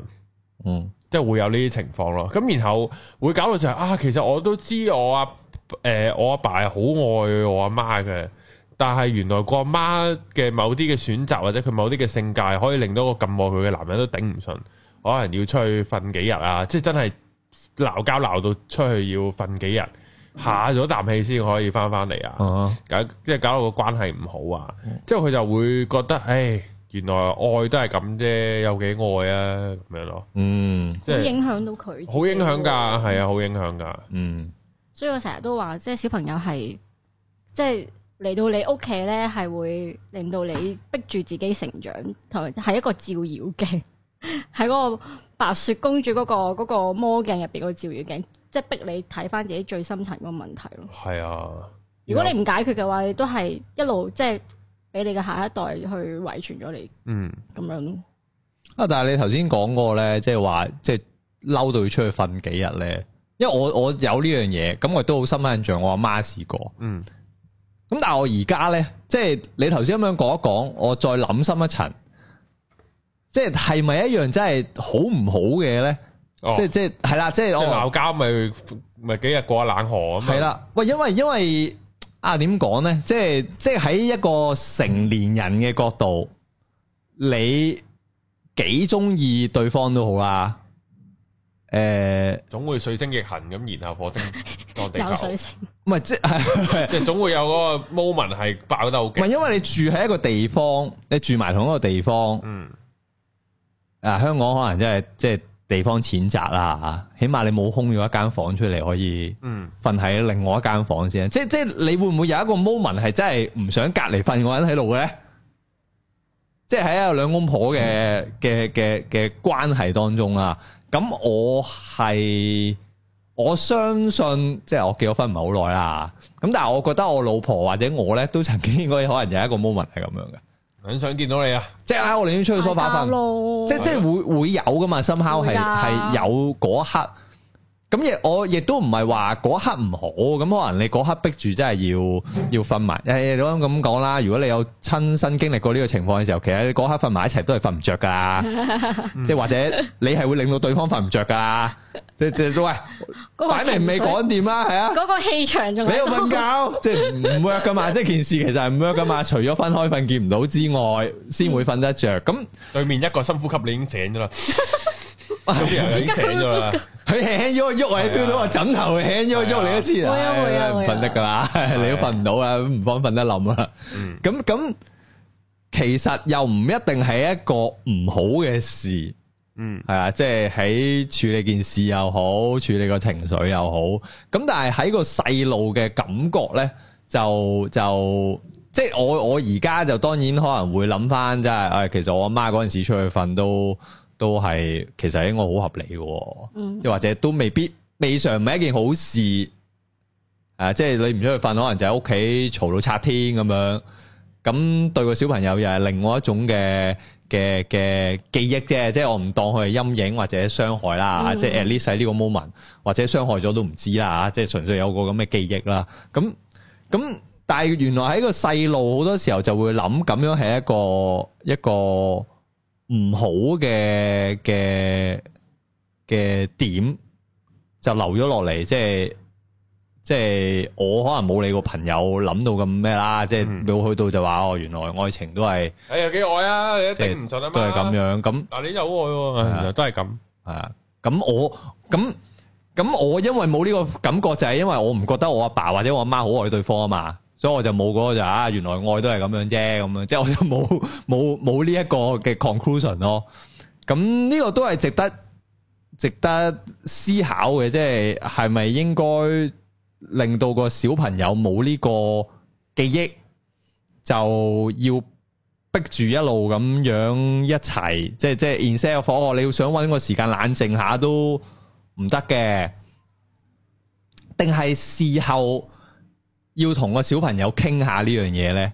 嗯，即係會有呢啲情況咯。咁然後會搞到就係、是、啊，其實我都知我阿、啊、誒、呃，我阿爸係好愛我阿媽嘅。但係原來個媽嘅某啲嘅選擇或者佢某啲嘅性格，可以令到個咁愛佢嘅男人都頂唔順，可能要出去瞓幾日啊！即係真係鬧交鬧到出去要瞓幾日，下咗啖氣先可以翻翻嚟啊！啊哈搞即係搞到個關係唔好啊！即係佢就會覺得，誒，原來愛都係咁啫，有幾愛啊咁樣咯。嗯，即係影響到佢，好影響噶，係啊，好影響噶。嗯，所以我成日都話，即係小朋友係，即係。嚟到你屋企咧，係會令到你逼住自己成長，同係一個照妖鏡，喺 嗰個白雪公主嗰個個魔鏡入邊個照妖鏡，即係逼你睇翻自己最深層嗰個問題咯。係啊，如果你唔解決嘅話，你都係一路即係俾你嘅下一代去遺傳咗你。嗯，咁樣啊，但係你頭先講過咧，即係話即係嬲到要出去瞓幾日咧，因為我有我有呢樣嘢，咁我亦都好深刻印象，我阿媽試過，嗯。咁但係我而家咧，即係你頭先咁樣講一講，我再諗深一層，即係係咪一樣真係好唔好嘅咧、哦？即係、哦、即係係啦，即係我鬧交咪咪幾日過冷河啊？係啦，喂，因為因為啊，點講咧？即係即係喺一個成年人嘅角度，你幾中意對方都好啦、啊。誒，總會水星逆行咁，然後火星撞地水球，唔係即係即係總會有嗰個 moment 係爆得好勁。唔係因為你住喺一個地方，你住埋同一個地方，嗯，啊香港可能真係即係地方淺窄啦吓，起碼你冇空咗一間房出嚟可以，嗯，瞓喺另外一間房先，嗯。即係即係你會唔會有一個 moment 係真係唔想隔籬瞓嗰人喺度嘅咧？即係喺一個兩公婆嘅嘅嘅嘅關係當中啊！咁我係我相信，即、就、係、是、我結咗婚唔係好耐啦。咁但係我覺得我老婆或者我咧都曾經應該可能有一個 moment 係咁樣嘅，很想見到你啊！即係啊、哎，我寧願出去梳化瞓，啊啊啊，即即會會有㗎嘛？深烤係係有嗰一刻。咁亦我亦都唔係話嗰刻唔好，咁可能你嗰刻逼住真係要要瞓埋、欸，誒，咁講啦。如果你有親身經歷過呢個情況嘅時候，其實你嗰刻瞓埋一齊都係瞓唔着噶，即係、嗯、或者你係會令到對方瞓唔着噶。即、呃、係喂，擺明未講掂啊？係啊，嗰個氣場仲要瞓覺，即係唔 work 噶嘛？即係件事其實係唔 work 噶嘛？除咗分開瞓見唔到之外，先會瞓得着。咁、嗯、對面一個深呼吸，你已經醒咗啦。咁啊，佢醒咗啦，佢輕輕喐喐，喺標到個枕頭，輕輕喐你都知啦，唔瞓得噶啦，你都瞓唔到啊，唔方瞓得冧啊。咁咁，其實又唔一定係一個唔好嘅事，嗯，係啊，即係喺處理件事又好，處理個情緒又好，咁但係喺個細路嘅感覺咧，就就即係我我而家就當然可能會諗翻，即係誒，其實我阿媽嗰陣時出去瞓都。都係，其實應該好合理嘅，又、嗯、或者都未必，未嘗唔係一件好事。誒、啊，即係你唔出去瞓，可能就喺屋企嘈到拆天咁樣，咁對個小朋友又係另外一種嘅嘅嘅記憶啫。即係我唔當佢係陰影或者傷害啦、嗯嗯啊，即係 at least 呢個 moment 或者傷害咗都唔知啦，吓，即係純粹有個咁嘅記憶啦。咁咁，但係原來喺個細路好多時候就會諗，咁樣係一個一個。一個一個唔好嘅嘅嘅點就留咗落嚟，即係即係我可能冇你個朋友諗到咁咩啦，即係你去到就話、是、哦，原來愛情都係誒幾愛啊，你一定唔錯得，都係咁樣咁嗱，你有愛喎，都係咁係啊，咁、啊啊、我咁咁我因為冇呢個感覺，就係、是、因為我唔覺得我阿爸，爸或者我阿媽好愛對方啊嘛。所以我就冇嗰就啊，原來愛都係咁樣啫，咁樣即係我就冇冇冇呢一個嘅 conclusion 咯。咁呢個都係值得值得思考嘅，即係係咪應該令到個小朋友冇呢個記憶，就要逼住一路咁樣一齊，即係即係燃晒個火。你要想搵個時間冷靜下都唔得嘅，定係事後？要同個小朋友傾下呢樣嘢咧，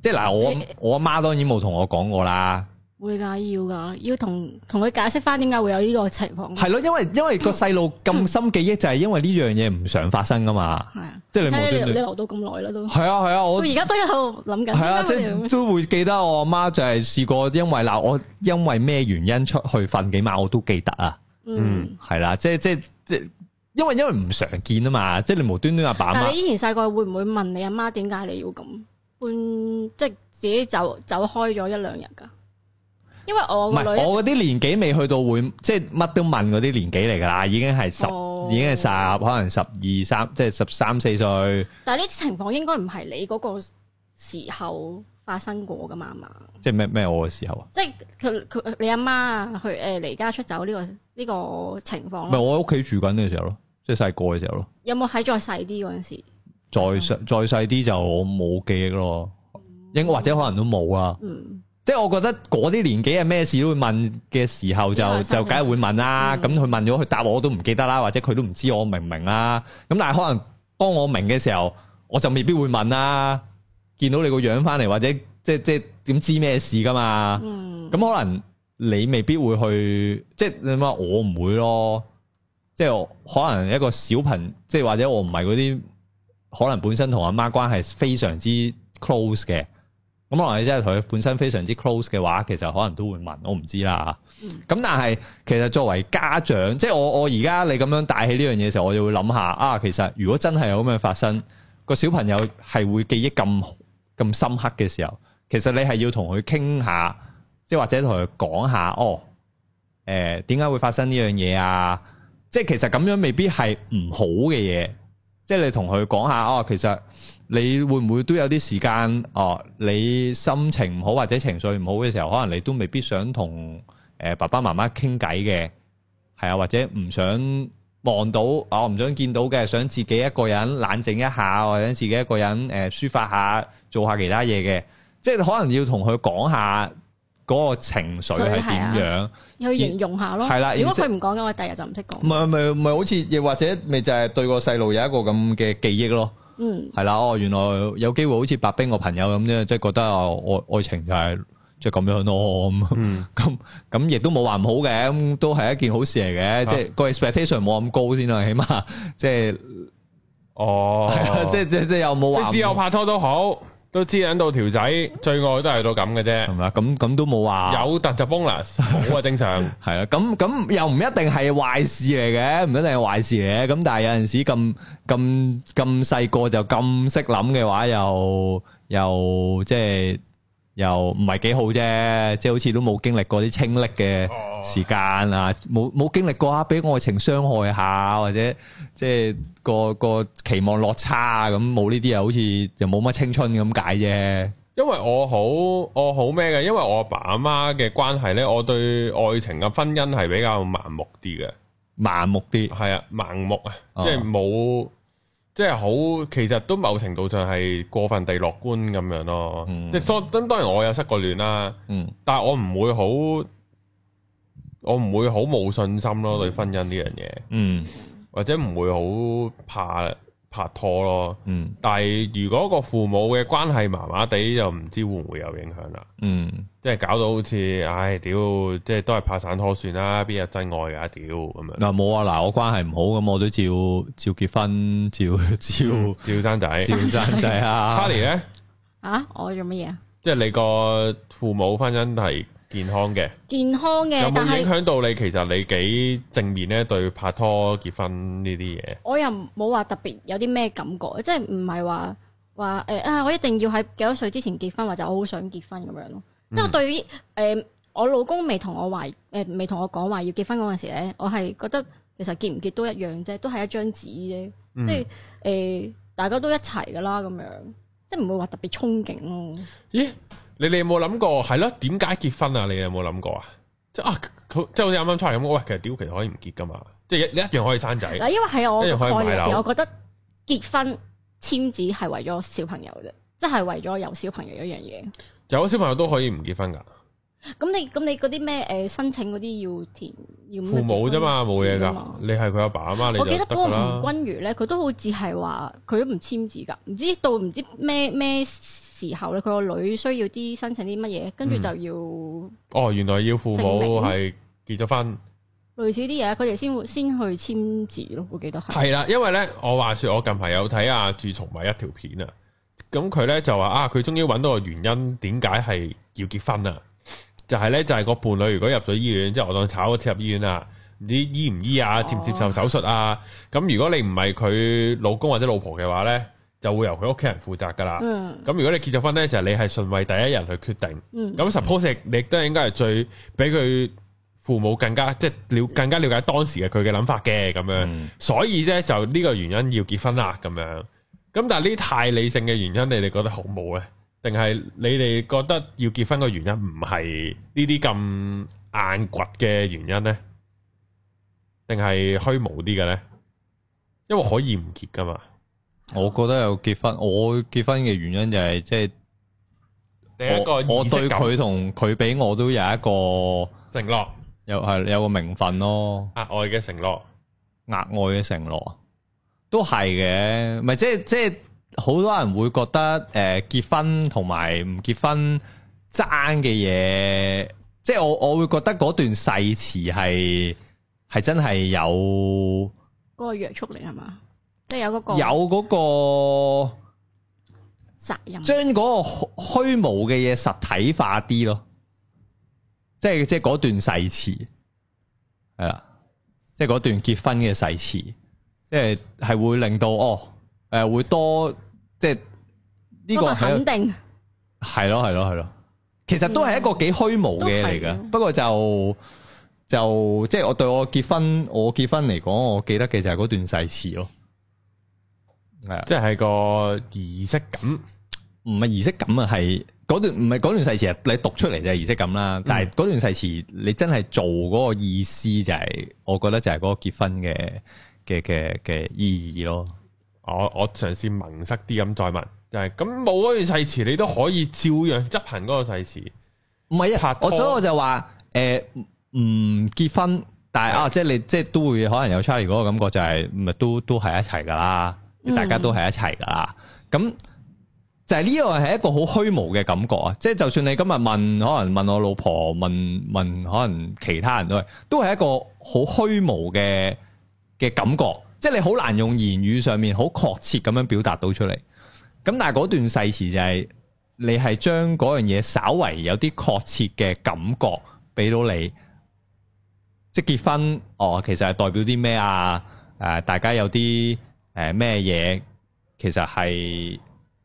即係嗱，我我阿媽當然冇同我講過啦。會噶，要噶，要同同佢解釋翻點解會有呢個情況。係咯，因為因為個細路咁深記憶就係因為呢樣嘢唔想發生噶嘛。係啊、嗯，即係你端端你，你，你留到咁耐都係啊係啊，我而家都喺度諗緊。係啊，即、就、係、是、都會記得我阿媽就係試過因為嗱，我因為咩原因出去瞓幾晚我都記得、嗯嗯、啊。嗯，係啦，即係即係即係。即即即因為因為唔常見啊嘛，即係你無端端阿爸，爸。但係你以前細個會唔會問你阿媽點解你要咁搬，即係自己走走開咗一兩日噶？因為我唔係我嗰啲年紀未去到會，即係乜都問嗰啲年紀嚟噶啦，已經係十，哦、已經係十，可能十二三，即係十三四歲。但係呢啲情況應該唔係你嗰個時候。發生過噶嘛？嘛，即係咩咩我嘅時候啊？即係佢佢你阿媽啊，去誒離家出走呢、呢個呢、呢個情況咯。唔係我喺屋企住緊嘅時候咯，即係細個嘅時候咯。有冇喺再細啲嗰陣時再？再細再細啲就我冇記憶咯，嗯、應該或者可能都冇啊。嗯，即係我覺得嗰啲年紀係咩事都會問嘅時候就就梗係會問啦、啊。咁佢、嗯、問咗佢答我都唔記得啦，或者佢都唔知我明唔明啦、啊。咁但係可能當我明嘅時候，我就未必會問啦、啊。見到你個樣翻嚟或者即係即係點知咩事噶嘛？咁、嗯、可能你未必會去，即係點啊？我唔會咯，即係可能一個小朋即係或者我唔係嗰啲，可能本身同阿媽關係非常之 close 嘅。咁可能你真係同佢本身非常之 close 嘅話，其實可能都會問，我唔知啦。咁但係其實作為家長，即係我我而家你咁樣帶起呢樣嘢嘅時候，我就會諗下啊，其實如果真係有咁樣發生，個小朋友係會記憶咁好，咁深刻嘅時候，其實你係要同佢傾下，即係或者同佢講下哦，誒、呃，點解會發生呢樣嘢啊即係其實咁樣未必係唔好嘅嘢，即係你同佢講下哦，其實你會唔會都有啲時間哦？你心情唔好或者情緒唔好嘅時候，可能你都未必想同誒爸爸媽媽傾偈嘅，係啊，或者唔想。望到我唔、哦、想見到嘅，想自己一個人冷靜一下，或者自己一個人誒、呃、抒發下，做下其他嘢嘅，即係可能要同佢講下嗰個情緒係點樣，去、啊、而形容下咯。係啦，如果佢唔講嘅，我第日就唔識講。唔係唔係唔係，好似亦或者咪就係對個細路有一個咁嘅記憶咯。嗯，係啦，哦，原來有機會好似白兵個朋友咁啫，即係覺得、哦、愛愛情就係、是。即係咁樣咯，咁咁咁亦都冇話唔好嘅，都係一件好事嚟嘅。即係個 expectation 冇咁高先啦，起碼即係，哦，係啊，即係即係又冇，即係之後拍拖都好，都知搵到條仔，最愛都係到咁嘅啫，係咪啊？咁咁都冇話有特就 bonus，冇啊，正常。係啊，咁咁又唔一定係壞事嚟嘅，唔一定係壞事嚟嘅。咁但係有陣時咁咁咁細個就咁識諗嘅話，又又即係。又唔係幾好啫，即係好似都冇經歷過啲清歷嘅時間，oh. 啊，冇冇經歷過啊，俾愛情傷害下，或者即係個個期望落差啊，咁冇呢啲啊，好似又冇乜青春咁解啫。因為我好我好咩嘅，因為我阿爸阿媽嘅關係咧，我對愛情嘅婚姻係比較盲目啲嘅，盲目啲係啊，盲目啊，即係冇。Oh. 即係好，其實都某程度上係過分地樂觀咁樣咯。嗯、即係當，當然我有失過戀啦，嗯、但係我唔會好，我唔會好冇信心咯對婚姻呢樣嘢，嗯、或者唔會好怕。拍拖咯，嗯、但係如果個父母嘅關係麻麻地，就唔知會唔會有影響啦、啊。嗯，即係搞到好似，唉，屌，即係都係拍散拖算啦，邊有真愛啊屌咁樣。嗱冇啊，嗱、啊、我關係唔好，咁我都照照結婚，照照、嗯、照生仔，照生仔啊。Charlie 咧、啊？呢啊，我做乜嘢啊？即係你個父母婚姻係？健康嘅，健康嘅，有冇影響到你？但係其實你幾正面咧？對拍拖、結婚呢啲嘢，我又冇話特別有啲咩感覺，即係唔係話話誒啊！我一定要喺幾多歲之前結婚，或者我好想結婚咁樣咯。嗯、即係對於誒、呃，我老公未同我話誒，未、呃、同我講話要結婚嗰陣時咧，我係覺得其實結唔結都一樣啫，都係一張紙啫。嗯、即係誒、呃，大家都一齊噶啦咁樣，即係唔會話特別憧憬咯。咦？你哋有冇諗過？係咯，點解結婚啊？你哋有冇諗過啊？即係啊，即係好似啱啱出嚟咁。喂，其實屌，其實可以唔結噶嘛即係一，你一樣可以生仔。啊，因為係我個人，我覺得結婚簽字係為咗小朋友啫，即係為咗有小朋友一樣嘢。有小朋友都可以唔結婚噶。咁你咁你嗰啲咩誒？申請嗰啲要填要父母啫嘛，冇嘢噶。啊，你係佢阿爸阿媽，我記得嗰個吳君如咧，佢都好似係話佢都唔簽字噶，唔知到唔知咩咩。時候咧，佢個女需要啲申請啲乜嘢，跟住就要、嗯、哦，原來要父母係命結咗婚，類似啲嘢，佢哋先會先去簽字咯。我記得係係啦，因為咧，我話說我近排有睇阿、啊、住松埋一條片啊，咁佢咧就話啊，佢終於揾到個原因，點解係要結婚啊？就係、是、咧，就係、是、個伴侶如果入咗醫院，即係我當炒個車入醫院啊，唔知醫唔醫啊，哦、接唔接受手術啊？咁如果你唔係佢老公或者老婆嘅話咧？就會由佢屋企人負責噶啦。咁、嗯、如果你結咗婚咧，就係、你係順位第一人去決定。咁、嗯、suppose、嗯、你都係應該係最俾佢父母更加即係、就是、了更加了解當時嘅佢嘅諗法嘅咁樣。嗯、所以咧就呢個原因要結婚啦咁樣。咁但係呢啲太理性嘅原因，你哋覺得好冇咧？定係你哋覺得要結婚嘅原因唔係呢啲咁硬掘嘅原因咧？定係虛無啲嘅咧？因為可以唔結噶嘛？.我覺得有結婚，我結婚嘅原因就係、是、即係，我我對佢同佢俾我都有一個承諾，又係有，有個名分咯。額外嘅承諾，額外嘅承諾，都係嘅。咪，即係即係，好多人會覺得誒、呃，結婚同埋唔結婚爭嘅嘢，即係我我會覺得嗰段誓詞係係真係有嗰個約束嚟，係嘛？即係有嗰個，有嗰個責任，將嗰個虛無嘅嘢實體化啲咯。即係即係段誓詞，係啦，即係段結婚嘅誓詞，即係係會令到哦，誒會多即係呢個肯定係咯係咯係咯，其實都係一個幾虛無嘅嘢嚟嘅。嗯，不過就就即係我對我結婚我結婚嚟講，我記得嘅就係段誓詞咯。係啊，即係個儀式，式感，唔係儀式感啊，係嗰段唔係嗰段誓詞，你讀出嚟就係儀式感啦。但係嗰段誓詞，你真係做嗰個意思就係，是，我覺得就係嗰個結婚嘅嘅嘅嘅意義咯。我我嘗試明釋啲咁再問，就係咁冇嗰段誓詞，你都可以照樣執行嗰個誓詞。唔係啊，拖我想我就話誒，唔、呃、結婚，但係是啊，即係你即係都會可能有差異嗰個感覺，就是，就係咪都都係一齊噶啦。大家都係一齊噶啦，咁就係呢個係一個好虛無嘅感覺啊！即係就算你今日問，可能問我老婆，問問可能其他人都係，都係一個好虛無嘅嘅感覺，即係你好難用言語上面好確切咁樣表達到出嚟。咁但係嗰段誓詞就係你係將嗰樣嘢稍為有啲確切嘅感覺俾到你，即係結婚哦，其實係代表啲咩啊？誒、呃，大家有啲。誒，咩嘢其實係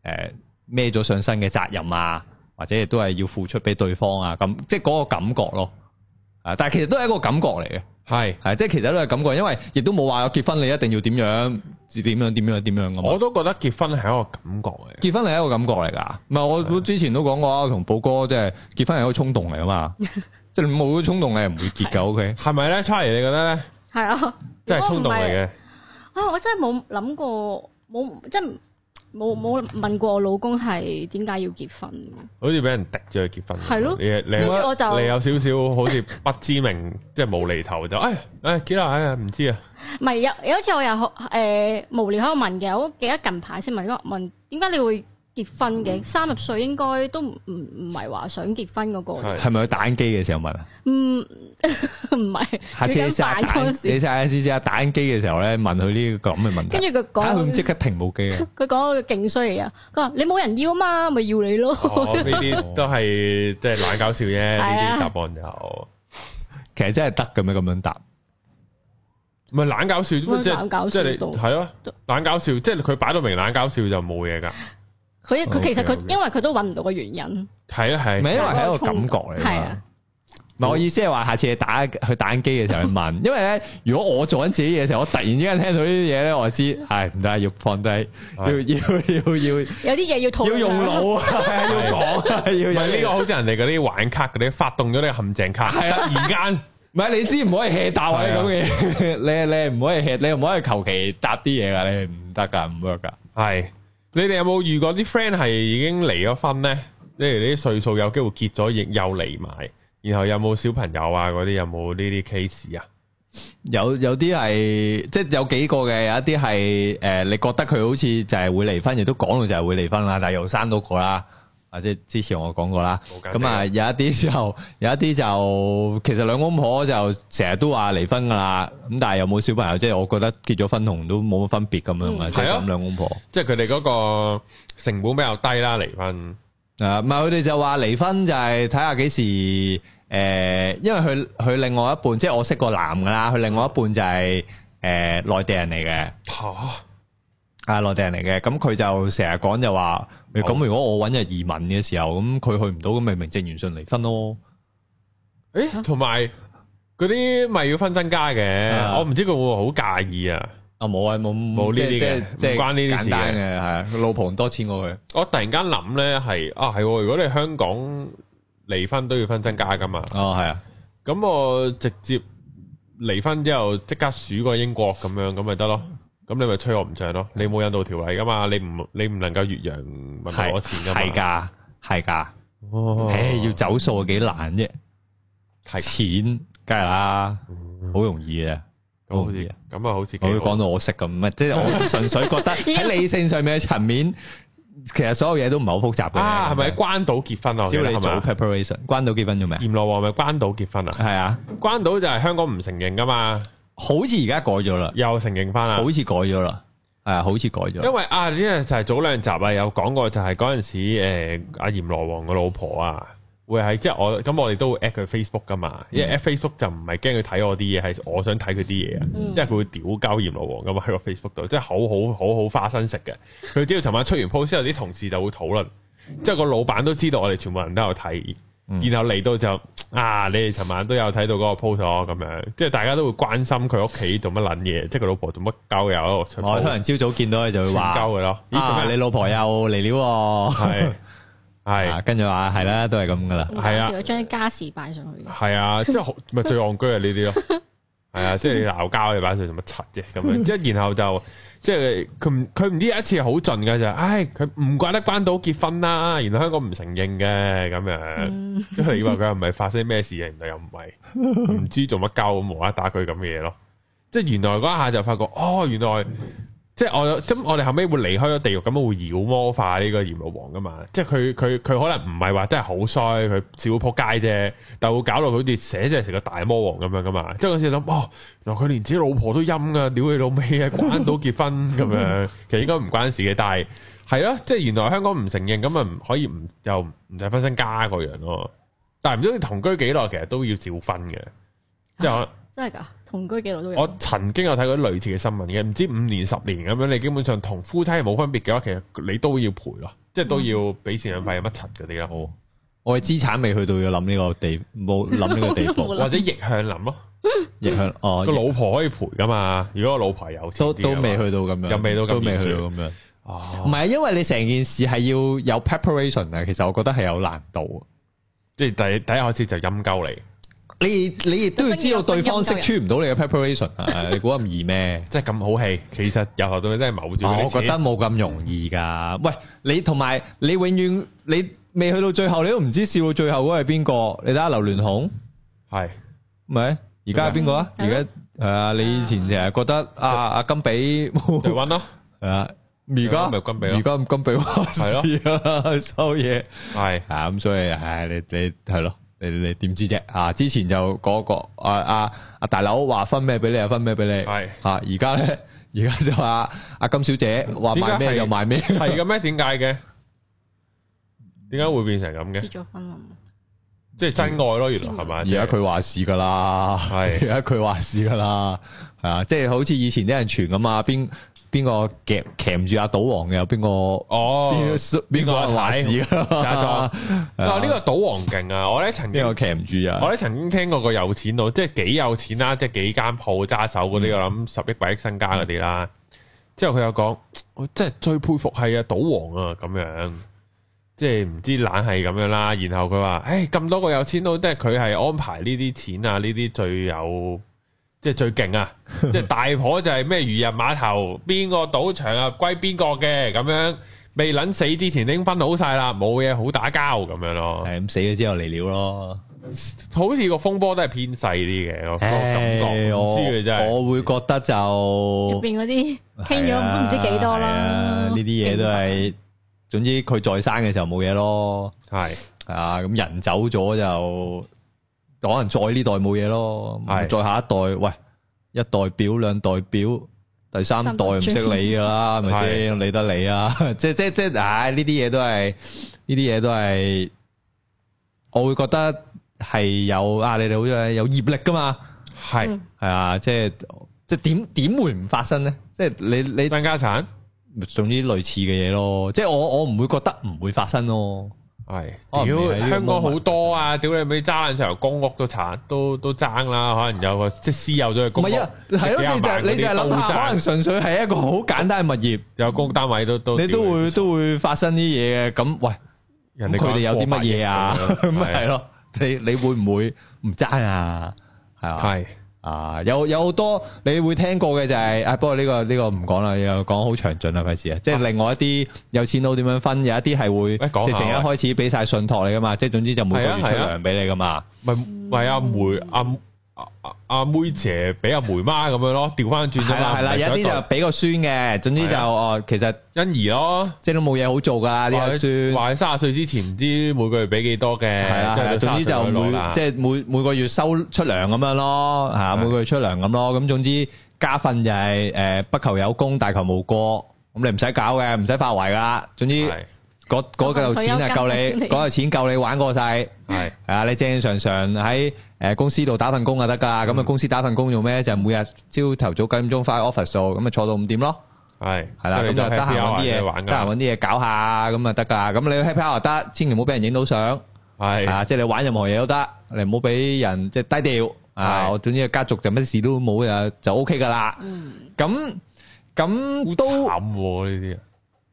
誒，孭咗上身嘅責任啊，或者亦都係要付出俾對方啊，咁即係嗰個感覺咯，啊！但係其實都係一個感覺嚟嘅，係係即係其實都係感覺，因為亦都冇話結婚你一定要點樣點樣點樣點樣咁。我都覺得結婚係一個感覺嚟嘅。結婚係一個感覺嚟噶，唔係我之前都講過啊，同寶哥即係結婚係一個衝動嚟啊嘛，即係冇衝動你唔會結噶，O K？係咪咧，Charlie？你覺得咧？係啊，即係衝動嚟嘅。啊！我真係冇諗過，冇即係冇冇問過我老公係點解要結婚？好似俾人逼住去結婚。係咯，你你有少少好似不知名，即係無厘頭就，哎哎，幾耐哎啊，唔知啊。唔係有有一次我又誒無聊喺度問嘅，我記得近排先問，問點解你會？結婚嘅三十歲應該都唔唔唔係話想結婚嗰個。係係咪佢打緊機嘅時候問啊？唔唔係，你試下打緊機嘅時候咧，問佢呢個咁嘅問題。跟住佢講，吓佢唔即刻停部機啊！佢講佢勁衰啊！佢話你冇人要啊嘛，咪要你咯。呢啲都係即係懶搞笑啫，呢啲答案就，其實真係得嘅咩？咁樣答，唔係懶搞笑咩？即係即係你係咯，懶搞笑，即係佢擺到明懶搞笑就冇嘢噶。佢佢其實佢因為佢都揾唔到個原因，係啊係，唔係因為係一個感覺嚟。係啊，唔係我意思係話，下次你打去打機嘅時候去問，因為咧，如果我做緊自己嘢嘅時候，我突然之間聽到呢啲嘢咧，我知係唔得，要放低，要要要要，有啲嘢要要用腦啊，要講啊，要唔係呢個好似人哋嗰啲玩卡嗰啲，發動咗呢陷阱卡，突然間唔係你知唔可以 hea 答呢種嘢，你你唔可以 hea，你唔可以求其答啲嘢噶，你唔得噶，唔 work 噶，係。你哋有冇遇過啲 friend 係已經離咗婚呢？你哋啲歲數有機會結咗亦又離埋，然後有冇小朋友啊？嗰啲有冇呢啲 case 啊？有，有啲係即係有幾個嘅，有一啲係誒，你覺得佢好似就係會離婚，亦都講到就係會離婚啦，但係又生到個啦。或者之前我講過啦，咁啊有一啲就有一啲就其實兩公婆就成日都話離婚㗎喇，咁但係有冇小朋友？即係我覺得結咗婚同都冇乜分別咁樣啊，即係咁兩公婆，即係佢哋嗰個成本比較低啦離婚，啊唔係佢哋就話離婚就係睇下幾時誒，因為佢佢另外一半即係我識個男㗎喇，佢另外一半就係誒內地人嚟嘅。係內地人嚟嘅，咁佢就成日講就話，咁如果我揾日移民嘅時候，咁佢去唔到，咁咪名正言順離婚咯。誒，同埋嗰啲咪要分身家嘅，我唔知佢唔會會好介意啊。啊，冇啊，冇冇呢啲嘅，即唔關呢啲事嘅。係啊，老婆多錢過佢。我突然間諗咧，係啊，係，如果你香港離婚都要分身家噶嘛？哦，係啊，咁我直接離婚之後即刻鼠過英國咁樣，咁咪得咯。咁你咪吹我唔着咯？你冇引導條例噶嘛？你唔你唔能夠越洋問我攞錢噶嘛？係係噶係噶，唉，要走數幾難啫？錢梗係啦，好容易嘅，咁好似咁啊，好似我會講到我識咁，唔係即係我純粹覺得喺理性上面嘅層面，其實所有嘢都唔係好複雜嘅啊。係咪喺關島結婚啊？只要你做 preparation，關島結婚做咩？閻羅王咪關島結婚啊？係啊，關島就係香港唔承認噶嘛。.好似而家改咗啦，又承認翻啦、啊，好似改咗啦，係好似改咗。因為啊，呢啲就係、是、早兩集啊，有講過就係嗰陣時誒，阿閻羅王個老婆啊，會係即係我咁，嗯嗯、我哋都 at 佢 Facebook 噶嘛，因為 at Facebook 就唔係驚佢睇我啲嘢，係我想睇佢啲嘢啊。嗯、因為佢會屌交閻羅王噶嘛，喺個 Facebook 度，即係好好好好花生食嘅。佢只要尋晚出完 post 之後，有啲同事就會討論，即係個老闆都知道，我哋全部人都有睇。然後嚟到就啊，你哋尋晚都有睇到嗰個 po 咗咁樣，即係大家都會關心佢屋企做乜捻嘢， 即係佢老婆做乜交友。我可能朝早見到佢就會話， 啊，你老婆又嚟料，啊，係 係、啊、跟住話係啦，都係咁噶啦，係啊，將啲家事擺上去，係啊，即係咪最戇居係呢啲咯。 係啊，即係鬧交，你擺上做乜柒啫？咁樣，即係然後就，即係佢唔佢唔知有一次好盡㗎就，唉，佢唔怪得翻到結婚啦，原來香港唔承認嘅，咁樣，即係你話佢又係咪發生咩事啊？原來又唔係，唔知做乜鳩，無啦啦打佢咁嘅嘢咯，即係原來嗰一下就發覺，哦，原來。即係我咁，我哋後尾會離開咗地獄，咁樣會妖魔化呢個閻羅王噶嘛？即係佢佢佢可能唔係話真係好衰，佢照會扑街啫，但會搞到佢好似寫真成個大魔王咁樣噶嘛？即係嗰時諗哦，原來佢連自己老婆都陰噶、啊，屌你老味啊，關到結婚咁樣，其實應該唔關事嘅。但係係咯，即係原來香港唔承認，咁咪，唔可以唔又唔使分身家嗰樣咯。但係唔知同居幾耐，其實都要照分嘅，即係 真係噶，同居幾耐都有。我曾經有睇過啲類似嘅新聞嘅，唔知五年十年咁樣，你基本上同夫妻係冇分別嘅話，其實你都要賠咯，即係都要俾贍養費有乜層嗰啲啦。我我嘅資產未去到要諗呢個地，冇諗呢個地步， 或者逆向諗咯， 逆向哦。個老婆可以賠噶嘛？ 如果個老婆有錢都都未去到咁樣，又未到，都未去到咁樣啊？唔係、哦，因為你成件事係要有 preparation 啊。其實我覺得係有難度，即係第第一開始就陰溝你。你你亦都要知道對方識穿唔到你嘅 preparation 啊！你估咁易咩？即係咁好戲，其實日後都真係冇住。哦，我覺得冇咁容易噶。喂，你同埋你永遠你未去到最後，你都唔知笑到最後嗰係邊個。你睇下劉聯雄係咪？而家係邊個啊？而家係啊？你以前成日覺得阿阿金比冇去穩咯，係啊？而家咪金比咯？而家唔金比係咯？收嘢係啊？咁所以唉，你你係咯？你你點知啫？啊，之前就嗰個阿阿阿大佬話分咩俾你，又分咩俾你係吓，而家咧而家就話阿金小姐話買咩又買咩，係噶咩？點解嘅？點解會變成咁嘅？結咗婚即係真愛咯，原來係嘛？而家佢話事噶啦，係而家佢話事噶啦，係啊，即係好似以前啲人傳咁啊，邊？邊個夾騎唔住阿賭王嘅？有邊個哦？邊個太屎啦？嗱，呢個賭王勁啊！我咧曾經有夾唔住啊、就是！我咧曾經聽過個有錢佬，即係幾有錢啦，即係幾間鋪揸手嗰啲，嗯、我諗十億、百億身家嗰啲啦。之後佢又講，嗯、我真係最佩服係阿賭王啊！咁樣，即係唔知懶係咁樣啦。然後佢話：，誒，咁多個有錢佬，即係佢係安排呢啲錢啊，呢啲最有。即係最勁啊！ 即係大婆就係咩漁人碼頭邊個賭場啊歸邊個嘅咁樣，未捻死之前已經分好晒啦，冇嘢好打交咁樣咯。係咁死咗之後嚟了咯，好似個風波都係偏細啲嘅，感覺、欸。唔知嘅真係，我會覺得就入邊嗰啲傾咗都唔知幾多啦。呢啲嘢都係，總之佢在生嘅時候冇嘢咯。係係是啊，咁人走咗就。可能再呢代冇嘢咯，是的 再下一代喂，一代表兩代表，第三代唔識你噶啦，係咪先理得你啊？即即即唉，呢啲嘢都係，呢啲嘢都係，我會覺得係有啊，你哋好似有業力噶嘛，係係啊，即即點點會唔發生咧？即你你分家產，總之類似嘅嘢咯，即我我唔會覺得唔會發生咯。係，屌、哎、香港好多啊！屌你咪揸爛時公屋都爭，都都爭啦，可能有個即私有咗嘅公屋，單位、啊。係咯，你就你係諗下可能純粹係一個好簡單嘅物業，有公屋單位都都，你都會都會發生啲嘢嘅。咁喂，人哋佢哋有啲乜嘢啊？咪係、嗯、咯？你你會唔會唔爭啊？係。 吧 啊，有有好多你會聽過嘅就係、是，啊，不過呢、這個呢、這個唔講啦，又講好詳盡啦，費事啊，即係另外一啲有錢佬點樣分，有一啲係會，欸、即成從一開始俾晒信託你噶嘛，欸、即係總之就每個月出糧俾你噶嘛，咪咪阿梅阿。啊阿阿阿妹姐俾阿梅媽咁樣咯，調翻轉啦。係啦係啦，有啲就俾個孫嘅，總之就哦，其實欣宜咯，即係都冇嘢好做噶呢個孫。話佢卅歲之前唔知每個月俾幾多嘅，係啦。總之就每即係每每個月收出糧咁樣咯，吓每個月出糧咁咯。咁總之家訓就係誒，不求有功，但求無過。咁你唔使搞嘅，唔使發圍噶。總之。嗰嗰嚿錢啊，夠你嗰嚿錢夠你玩過晒，係啊，你正常常喺誒公司度打份工就得噶啦。咁啊，公司打份工做咩？就每日朝頭早九點鐘翻去 office 做，咁啊坐到五點咯。係係啦，咁就得閒搵啲嘢玩，得閒搵啲嘢搞下咁啊得噶。咁你 happy hour 得，千祈唔好俾人影到相。係啊，即係你玩任何嘢都得，你唔好俾人即係低調啊。我總之個家族就乜事都冇啊，就 OK 噶啦。咁咁都慘喎呢啲。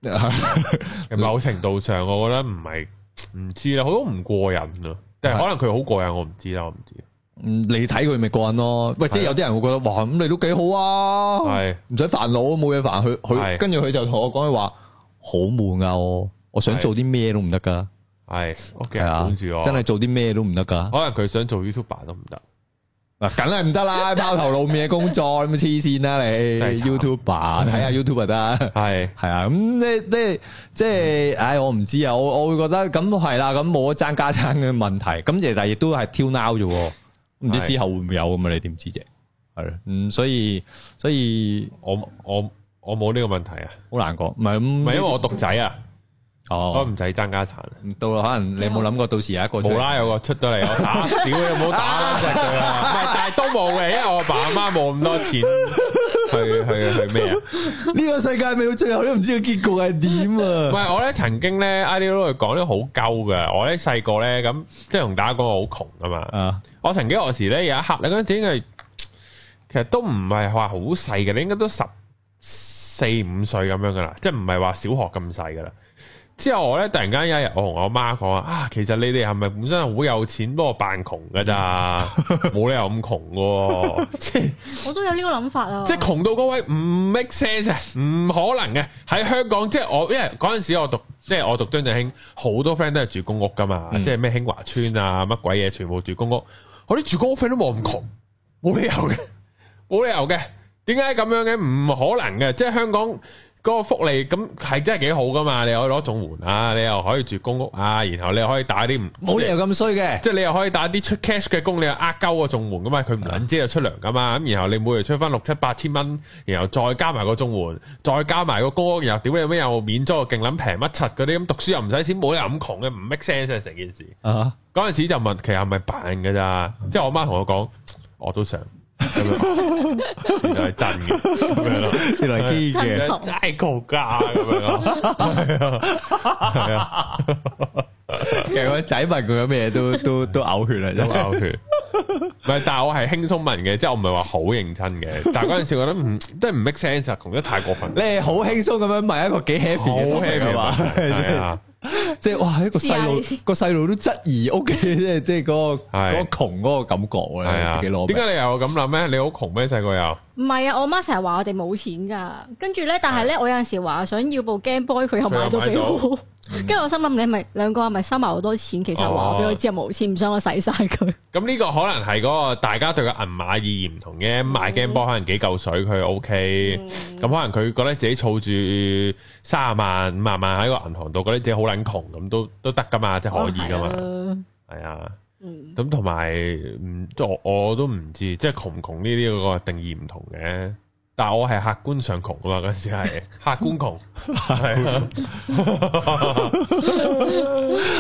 某程度上，我覺得唔係唔知啦，好多唔過癮啊！但係可能佢好過癮，我唔知啦，我唔知。嗯，你睇佢咪過癮咯？喂的，即係有啲人會覺得哇，咁你都幾好啊，係唔使煩惱，冇嘢煩。佢佢的跟住佢就同我講，佢話好悶啊我，我想做啲咩都唔得噶，係係啊，真係做啲咩都唔得噶。可能佢想做 YouTuber 都唔得。嗱，梗係唔得啦！拋頭露面嘅工作，咁黐線啦你！YouTube 啊，睇下 YouTube 得，係係啊！咁即係即係即係，唉，我唔知啊！我我會覺得咁係啦，咁冇得爭家產嘅問題，咁亦但亦都係挑 now 啫，唔知之後會唔會有咁啊？你點知啫？係啊，嗯，所以所以我我我冇呢個問題啊，好難講，唔係唔係因為我獨仔啊。哦，都唔使爭家產，到可能你有冇諗過到時有一個冇啦啦有個出咗嚟，我打屌， 你冇打唔係， 但係都冇嘅，因為我阿爸阿媽冇咁多錢，去去去咩啊？呢個世界未到最後都唔知個結局係點啊？唔係 我咧，曾經咧，阿 leo 講得好鳩噶，我咧細個咧咁即係同大家講我好窮噶嘛，uh. 我曾經我時咧有一刻咧嗰陣時應該其實都唔係話好細嘅，你應該都十四五歲咁樣噶啦，即係唔係話小學咁細噶啦。之後我咧突然間有一日，我同我媽講啊，其實你哋係咪本身係好有錢，不過扮窮噶咋？冇 理由咁窮嘅。 天我都有呢個諗法啊。即係窮到嗰位唔 make sense，唔可能嘅。喺香港，即係我因為嗰陣時我讀，即係我讀張振興，好多 friend 都係住公屋噶嘛。嗯、即係咩興華村啊，乜鬼嘢全部住公屋。我、啊、啲住公屋 friend 都冇咁窮，冇理由嘅，冇理由嘅。點解咁樣嘅？唔可能嘅。即係香港。嗰個福利咁係、嗯、真係幾好噶嘛？你又可以攞綜援啊，你又可以住公屋啊，然後你又可以打啲冇理由咁衰嘅，即係你又可以打啲出 cash 嘅工，你又呃鳩個綜援噶嘛？佢唔撚知就出糧噶嘛？咁然後你每月出翻六七八千蚊，然後再加埋個綜援，再加埋個公屋，然後屌你咩又免租，勁撚平乜柒嗰啲咁，讀書又唔使錢，冇理由咁窮嘅，唔 make sense 啊成件事。嗰陣、uh huh. 時就問，其實係咪扮噶咋？Uh huh. 即係我媽同我講，我都想。咁樣，原來係真嘅，咁樣咯，原來係堅嘅，真係太高價，咁樣咯，係啊，係啊，啊，其實我個仔問佢有咩嘢都 都都嘔血啦，真係嘔、嗯、血，唔係，但係我係輕鬆問嘅，即係我唔係話好認真嘅，但係嗰陣時我覺得唔，都係唔 make sense，窮得太過分。你好輕鬆咁樣問一個幾 happy 嘅，好係嘛？即係哇，一個細路個細路都質疑屋企，即係即係嗰個嗰 個窮嗰個感覺咧，幾攞？點解你又咁諗咧？ 你好窮咩？細個又？唔係啊，我媽成日話我哋冇錢噶，跟住咧，但係咧，是的 我有陣時話想要部 Game Boy，佢又買咗俾我。跟住、嗯、我心諗，你咪兩個係咪收埋好多錢？其實話我俾佢知又冇錢，唔、哦、想我使晒佢。咁呢個可能係嗰個大家對個銀碼意義唔同嘅，買、嗯、Game Boy 可能幾嚿水，佢 OK。咁、嗯、可能佢覺得自己儲住三十萬、五十萬喺個銀行度，覺得自己好撚窮，咁都都得噶嘛，即係可以噶嘛，係啊、嗯。咁同埋，即係我都唔知，即係窮唔窮呢啲個定義唔同嘅。但係我係客觀上窮噶嘛，嗰時係客觀窮。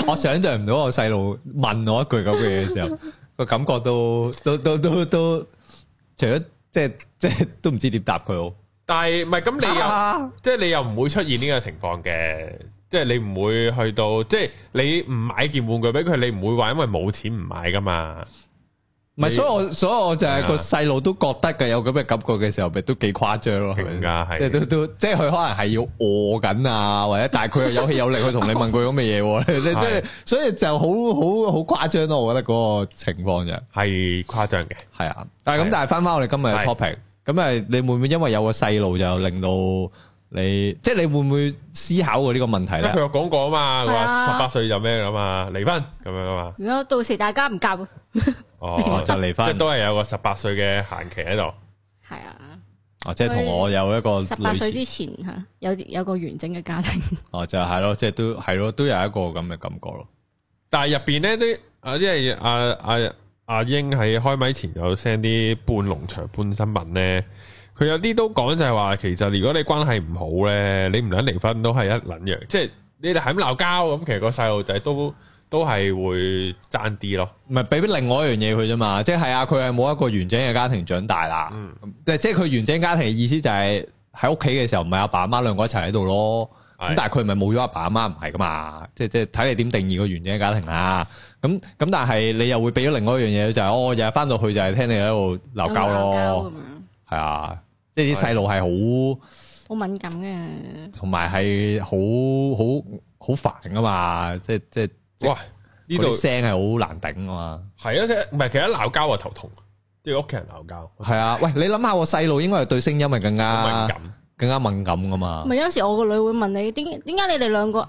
我想象唔到我細路問我一句咁嘅嘢嘅時候， 個感覺都都都都都，除咗即係即係都唔知點答佢。但係唔係咁，你，啊、你又即係你又唔會出現呢個情況嘅。即係你唔會去到，即係你唔買件玩具俾佢，你唔會話因為冇錢唔買噶嘛。唔係你，所以我所以我就係個細路都覺得嘅，有咁嘅感覺嘅時候，咪都幾誇張咯，係咪？即係都都，即係佢可能係要餓緊啊，或者但係佢又有氣有力去同你問佢咁嘅嘢，即係所以就好好好誇張咯。我覺得嗰個情況就係誇張嘅，係啊。但係咁，但係翻翻我哋今日嘅 topic，咁啊，你會唔會因為有個細路就令到？你即係你會唔會思考過呢個問題咧？佢有講過啊嘛，話十八歲就咩咁嘛，離婚咁樣啊嘛。如果到時大家唔夾，哦， 就離即離婚，啊啊，即係都係有個十八歲嘅限期喺度。係啊，哦，即係同我有一個十八歲之前有，有有個完整嘅家庭。哦，啊，就係、是、咯，即係都係咯，都有一個咁嘅感覺咯。但係入邊咧都，即係阿阿阿英喺開米前有 send 啲半農場半新聞咧。佢有啲都講就係話，其實如果你關係唔好咧，你唔想離婚都係一撚樣，即係你哋係咁鬧交咁，其實個細路仔都都係會爭啲咯。唔係俾另外一樣嘢佢啫嘛，即係係啊，佢係冇一個完整嘅家庭長大啦。嗯，即係佢完整家庭嘅意思就係喺屋企嘅時候唔係阿爸阿媽兩個一齊喺度咯。咁的但係佢咪冇咗阿爸阿媽唔係噶嘛？即係即係睇你點定義個完整嘅家庭啊？咁咁但係你又會俾咗另外一樣嘢，就係、是、哦，日日返到去就係聽你喺度鬧交咯，係啊。即係啲細路係好好敏感嘅，同埋係好好好煩噶嘛，即係即係，哇！呢度聲係好難頂啊嘛，係啊，唔係、啊，其實鬧交啊頭痛，即係屋企人鬧交，係啊， 喂，你諗下個細路應該係對聲音咪更，更加敏感，更加敏感噶嘛，唔係有時我個女會問你點點解你哋兩個？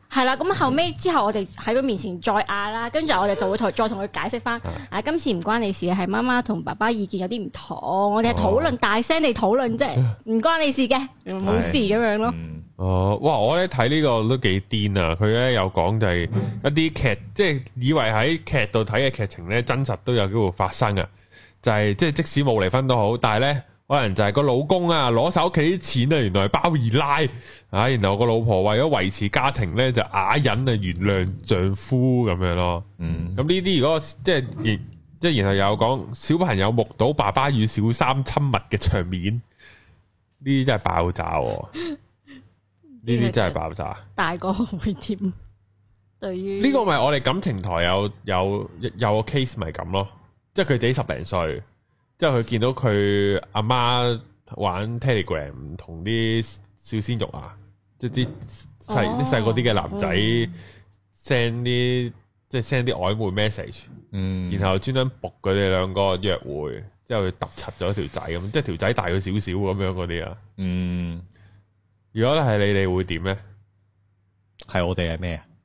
係啦，咁後尾之後我哋喺佢面前再嗌啦，跟住我哋就會同再同佢解釋翻，的啊今次唔關你事嘅，係媽媽同爸爸意見有啲唔同，我哋係討論大聲地討論啫，唔、啊、關你事嘅，冇的事咁樣咯。哦、嗯呃，哇！我咧睇呢個都幾癲啊！佢咧有講就係一啲劇，嗯、即係以為喺劇度睇嘅劇情咧，真實都有機會發生啊！就係即係即使冇離婚都好，但係咧。可能就係個老公啊，攞手屋企啲錢啊，原來包二奶，啊，然後個老婆為咗維持家庭咧，就啞忍啊，原諒丈夫咁樣咯。嗯，咁呢啲如果即係即係，然後又講小朋友目睹爸爸與小三親密嘅場面，呢啲真係爆、啊、 爆炸，呢啲真係爆炸。大個會添，對於呢個咪我哋感情台有有有個 case 咪咁咯，即係佢自己十零歲，之後佢見到佢阿媽，媽玩 Telegram，同啲小鮮肉啊，嗯、即係啲細啲細個啲嘅男仔 send 啲即係 send 啲曖昧 message，嗯、然後專登迫佢哋兩個約會，之後佢揼柒咗條仔咁，即係條仔大佢少少咁樣嗰啲啊。嗯，如果咧係你哋會點咧？係我哋係咩啊？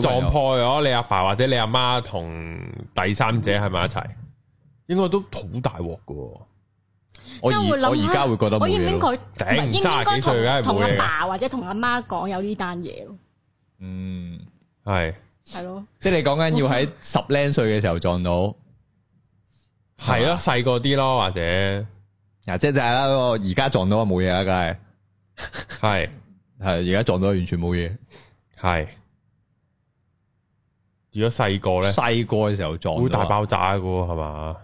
撞破咗你阿爸，爸或者你阿媽同第三者喺埋一齊，應該都好大鑊噶。我而我而家會覺得冇嘢，頂三十幾歲梗係同阿爸或者同阿媽講有呢單嘢咯。嗯，係係咯，即係你講緊要喺十零歲嘅時候撞到，係咯細個啲咯，或者嗱，即係就係啦。而家撞到啊，冇嘢啦，梗係係係，而家撞到完全冇嘢，係。如果細個咧，細個嘅時候撞到，會大爆炸噶係嘛？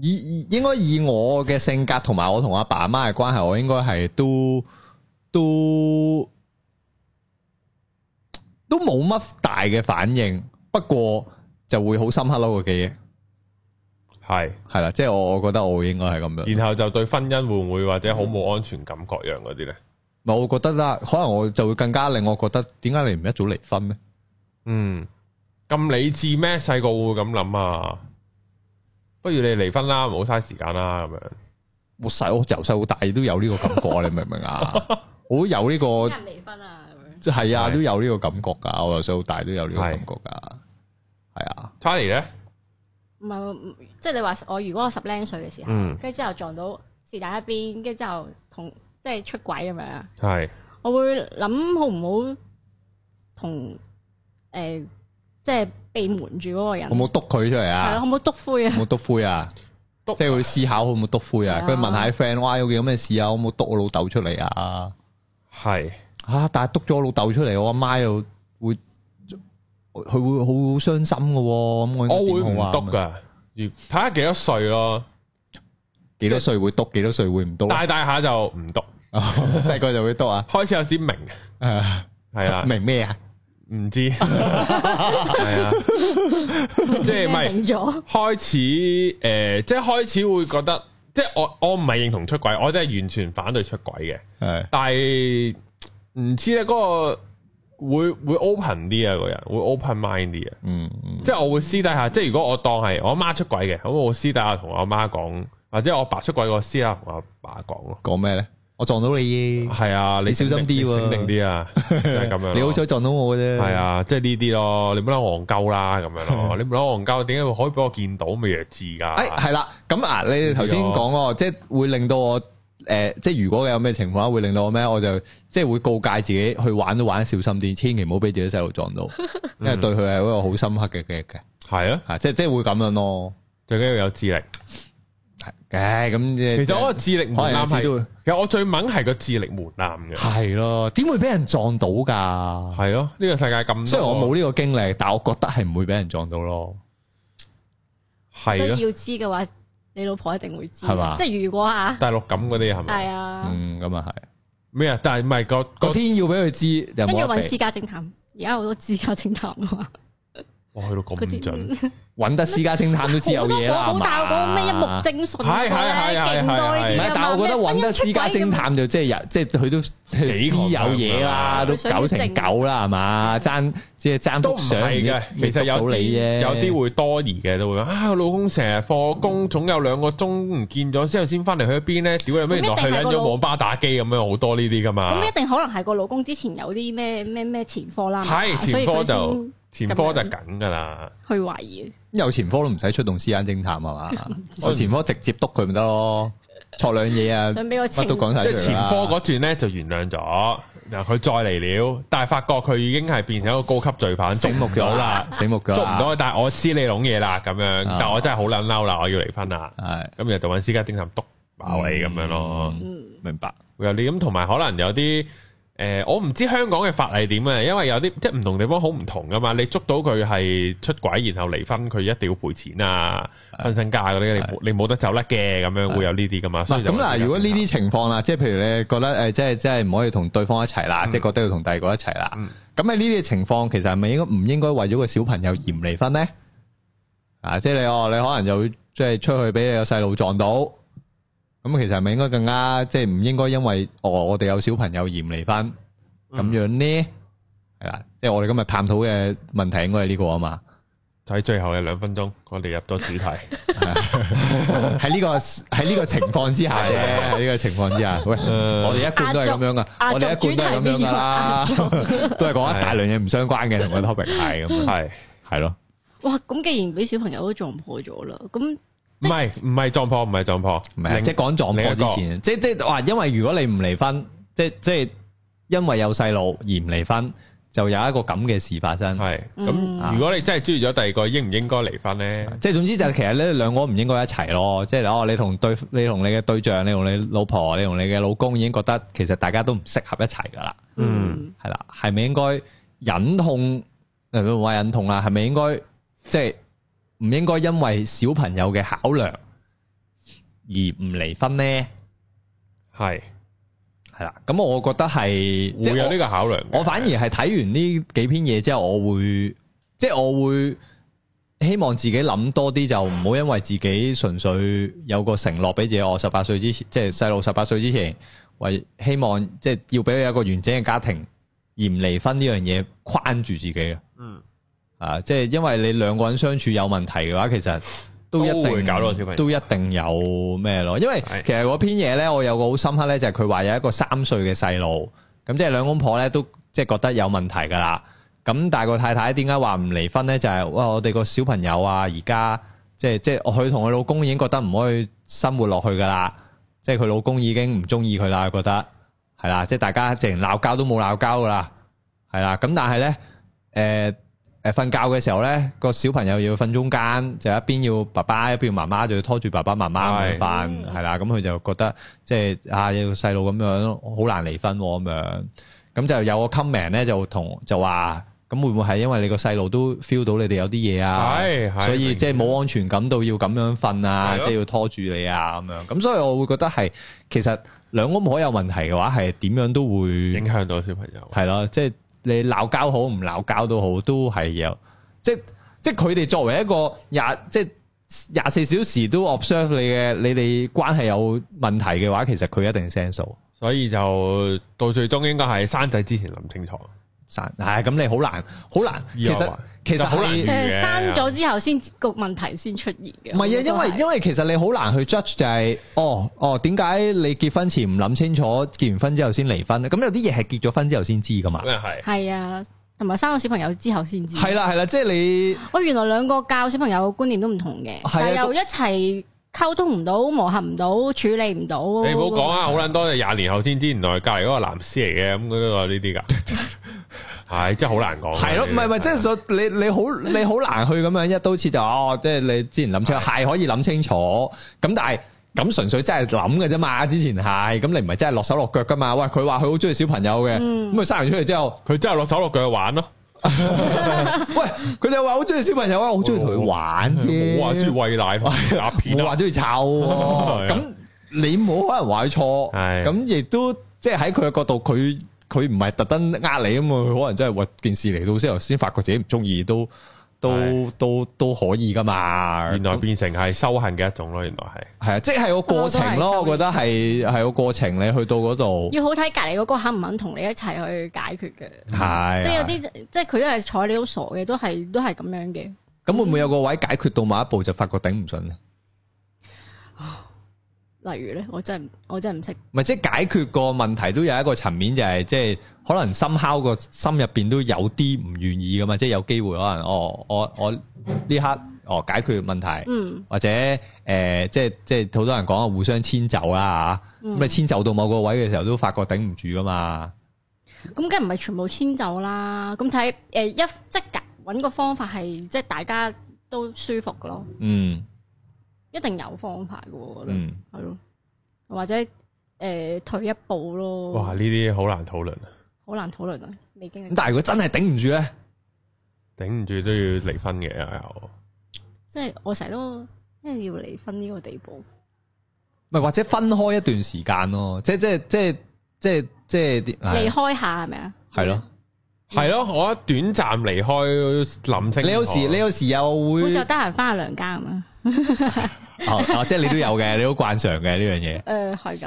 以應該以我嘅性格同埋我同阿爸阿媽嘅關係，我應該係都都都冇乜大嘅反應。不過就會好深刻咯個記憶，係係啦，即係我我覺得我應該係咁樣。然後就對婚姻會唔會或者好冇安全感各樣嗰啲咧？唔係，我覺得啦，可能我就會更加令我覺得，點解你唔一早離婚咧？嗯，咁理智咩？細個會咁諗啊？不如你離婚啦，唔好嘥時間啦，咁樣。我細我由細到大都有呢個感覺， 你明唔明啊？我都有呢、呢個。離婚啊，即係啊，對都有呢個感覺噶，由細到大都有呢個感覺噶。係對啊 Charlie 咧，唔係即係你話我如果我十零歲嘅時候，跟住之後撞到是但一邊，跟住之後同即係出軌咁樣啊？係是，我會諗好唔好同。誒，即係被瞞住嗰個人，我冇督佢出嚟啊！係咯，我冇督灰啊，冇督灰啊，即係會思考會冇督灰啊。佢問下啲 friend，喂有幾咁嘅事啊？我冇督我老豆出嚟啊，係吓，但係督咗我老豆出嚟，我阿媽又會，佢會好傷心噶。咁我我會唔督噶？睇下幾多歲咯，幾多歲會督，幾多歲會唔督？大大下就唔督，細個就會督啊。開始有啲明，係啦，明咩啊？唔知 啊，即係唔係開始誒，即、呃、係、就是、開始會覺得，即、就、係、是、我我唔係認同出軌，我真係完全反對出軌嘅，係是。但係唔知咧，嗰、那個會會 open 啲啊，個人會 open mind 啲啊，嗯即係、嗯、我會私底下，即係如果我當係我媽出軌嘅，咁我會私底下同我媽講，或者我爸出軌，我私底下同我阿爸講，講咩咧？我撞到你，係啊，你小心啲，醒明啲啊，咁樣。你好彩撞到我嘅啫，係啊，即係呢啲咯，你唔好啦，憨鳩啦，咁樣咯，你唔好憨鳩，點解會可以俾我見到，咪弱智噶？誒，係啦，咁啊，你頭先講哦，即係會令到我誒，即係如果有咩情況，會令到我咩，我就即係會告誡自己去玩都玩小心啲，千祈唔好俾自己細路撞到，因為對佢係一個好深刻嘅記憶嘅。係啊，即係即係會咁樣咯，最緊要有智力。嘅，咁即係，其實我個智力唔係，其實我個智力門檻係，其實我最猛係個智力門檻嘅。係咯，點會俾人撞到噶？係咯，呢個世界咁，雖然我冇呢個經歷，但係我覺得係唔會俾人撞到咯。係都要知嘅話，你老婆一定會知啦。係嘛？即係如果啊，大陸咁嗰啲係咪？係啊。嗯，咁啊係咩啊？但係唔係個個天要俾佢知，又冇得。要揾私家偵探，而家好多私家偵探啊。我去到咁準，揾得私家偵探都知有嘢嘛？好大個咩一目精純嗰啲咧，勁多啲，但係我覺得揾得私家偵探就即係有，即係佢都知有嘢啦，都九成九啦，係嘛？爭即係爭都唔係嘅，其實有你嘅。有啲會多疑嘅都會啊！我老公成日放工總有兩個鐘唔見咗之後先翻嚟去邊咧？屌有咩？原來去緊咗網吧打機咁樣好多呢啲噶嘛？咁一定可能係個老公之前有啲咩咩咩前科啦，係前科就。前科就緊噶啦，去懷疑，有前科都唔使出動私家偵探係嘛，我前科直接督佢咪得咯，錯兩嘢啊，乜都講晒，前科嗰段咧就原諒咗，嗱佢再嚟了，但係發覺佢已經係變成一個高級罪犯，醒目咗啦，醒目咗。捉唔到，但係我知你攏嘢啦，咁樣，但係我真係好捻嬲啦，我要離婚啦，係，咁又就揾私家偵探督埋位咁樣咯，明白，有你咁，同埋可能有啲。誒、呃，我唔知香港嘅法例點啊？因為有啲即係唔同地方好唔同噶嘛。你捉到佢係出軌然後離婚，佢一定要賠錢啊，的分身家嗰啲，你你冇得走甩嘅，咁樣的會有呢啲噶嘛。所以，咁嗱，如果呢啲情況啦，即係譬如你覺得誒、呃，即係即係唔可以同對方一齊啦，嗯、即係覺得要同第二個一齊啦。咁喺呢啲情況，其實係咪應該唔應該為咗個小朋友而唔離婚呢？啊，啊即係你哦，你可能就即係出去俾你個細路撞到。咁其實係咪應該更加即係唔應該因為我我哋有小朋友而離婚咁樣咧？係啦，即係我哋今日探討嘅問題應該係呢個啊嘛。就喺最後嘅兩分鐘，我哋入咗主題。喺呢個喺呢個情況之下咧，喺呢個情況之下，喂，我哋一貫都係咁樣噶，我哋一貫都係咁樣噶啦，都係講一大量嘢，唔相關嘅同個 topic 係咁，係係咯。哇，咁既然俾小朋友都撞破咗啦，咁。唔係唔係撞破，唔係撞破，唔係是一即係講撞破之前，即係即係話，因為如果你唔離婚，即係即係因為有細路而唔離婚，就有一個咁嘅事發生。係咁，如果你真係鍾意咗第二個，應唔應該離婚咧？嗯啊、即係總之就其實你哋，兩個唔應該一齊咯。即係你你同對，你同你嘅對象，你同你老婆，你同你嘅老公，已經覺得其實大家都唔適合一齊噶啦。嗯，係啦，係咪應該忍痛？唔好話忍痛啦、啊，係咪應該即係？唔應該因為小朋友嘅考量而唔離婚呢？係係啦，咁我覺得係即係有呢個考量我。係嘅，我反而係睇完呢幾篇嘢之後，我會即係我會希望自己諗多啲，就唔好因為自己純粹有個承諾俾自己我，我十八歲之前，即係細路十八歲之前，為希望即係要俾佢有一個完整嘅家庭，而唔離婚呢樣嘢框住自己啊，即係因為你兩個人相處有問題嘅話，其實都一定，都會搞到小朋友都一定有咩咯？因為其實嗰篇嘢咧，我有個好深刻咧，就係佢話有一個三歲嘅細路，咁即係兩公婆咧都即係覺得有問題噶啦。咁但係個太太點解話唔離婚咧？就係，哇，我哋個小朋友啊，而家即係即係佢同佢老公已經覺得唔可以生活落去噶啦，即係佢老公已經唔中意佢啦，覺得係啦，即係大家成日鬧交都冇鬧交噶啦，係啦。咁但係咧，誒。誒，瞓覺嘅時候咧，個小朋友要瞓中間，就一邊要爸爸一邊要媽媽，就要拖住爸爸媽媽瞓，係啦，咁佢就覺得即係、就是、啊，要細路咁樣好難離婚咁樣，咁、啊、就有個 comment 咧就同就話，咁會唔會係因為你個細路都 feel 到你哋有啲嘢啊，所以即係冇安全感到要咁樣瞓啊，的即係要拖住你啊咁樣，咁所以我會覺得係其實兩公婆有問題嘅話，係點樣都會影響到小朋友，係咯，即係。你鬧交好唔鬧交都好，都係有，即即佢哋作為一個廿即廿四小時都 observe 你嘅你哋關係有問題嘅話，其實佢一定係 signal，所以就到最終應該係生仔之前諗清楚。係咁、哎、你好難，好難後其。其實其實好難。誒，生咗之後先個問題先出現嘅。唔係啊，因為是因為其實你好難去 judge 就係、是，哦哦，點解你結婚前唔諗清楚，結完婚之後先離婚咧？咁有啲嘢係結咗婚之後先知噶嘛？咁係。係啊，同埋生咗小朋友之後先知。係啦係啦，即係、啊就是、你。我原來兩個教小朋友觀念都唔同嘅，啊、但又一齊溝通唔到，磨合唔到，處理唔到。你唔好講啊，好撚的的多廿年後先知，原的來隔籬嗰個男師嚟嘅，咁呢啲噶。 係，真係好難講。係 咯樂，唔係唔係，即係 就是、你你好你好難去咁樣一刀切就哦，即係你之前諗出係可以諗清楚，咁但係咁純粹真係諗嘅啫嘛。之前係咁，你唔係真係落手落腳噶嘛。喂，佢話佢好中意小朋友嘅，咁啊、嗯、生完出嚟之後，佢真係落手落腳去玩咯。 喂，佢就話好中意小朋友我我我我 我啊，好中意同佢玩啫。我話中意喂奶啊片啊，話中意湊。咁你冇可能話錯，咁亦 都即係喺佢嘅角度，佢。佢唔係特登呃你啊嘛，佢可能真係話件事嚟到先，先發覺自己唔中意都的都都都可以噶嘛。原來變成係修行嘅一種咯，原來係係啊，即係個過程咯，啊、我，我覺得係係個過程，你去到嗰度要好睇隔籬嗰個肯唔肯同你一齊去解決嘅，係的、嗯、即係有啲即係佢都係坐喺你度傻嘅，都係都係咁樣嘅。咁、嗯、會唔會有個位解決到某一步就發覺頂唔順例如咧，我真係我真係唔識。唔係即係解決個問題，都有一個層面，就係、是、即係可能深敲個心入邊都有啲唔願意噶嘛。即係有機會可能哦，我我呢刻、嗯、哦解決問題，嗯、或者誒、呃、即係即係好多人講啊，互相遷就啦吓，咁啊遷就到某個位嘅時候，都發覺頂唔住噶嘛。咁梗唔係全部遷就啦？咁睇誒一即係搵個方法，係即係大家都舒服噶咯。嗯。嗯一定有方法嘅，我覺得係咯、嗯，或者誒、呃、退一步咯。哇，呢啲好難討論啊，好難討論啊，未經歷。但係如果真係頂唔住咧，頂唔住都要離婚嘅又。即係我成日都因為要離婚呢個地步。咪或者分開一段時間咯，即係即係即係即係即係離開下係咪啊？係咯的。係咯，我一短暫離開林清。你有時你有時又會，好似我就得閒翻下娘家咁樣。啊、 哦哦，即係你都有嘅， 你好慣常嘅呢樣嘢。誒，係噶、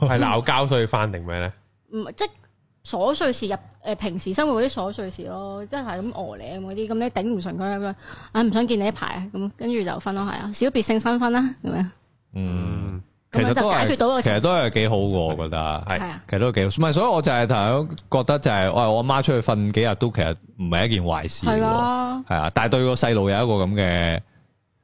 呃。係鬧交所以翻定咩咧？唔係即係瑣碎事入誒，平時生活嗰啲瑣碎事咯，即係咁餓你咁嗰啲，咁你頂唔順佢，咁佢啊唔想見你一排，咁跟住就分咯，係啊，小別勝新婚啦，咁咪嗯。其實都係解決到，其實都係幾好噶，我覺得係。其實都幾好，唔係，所以我就係頭先覺得就係，我係我阿媽出去瞓幾日都其實唔係一件壞事。係啦，係啊，但係對個細路有一個咁嘅，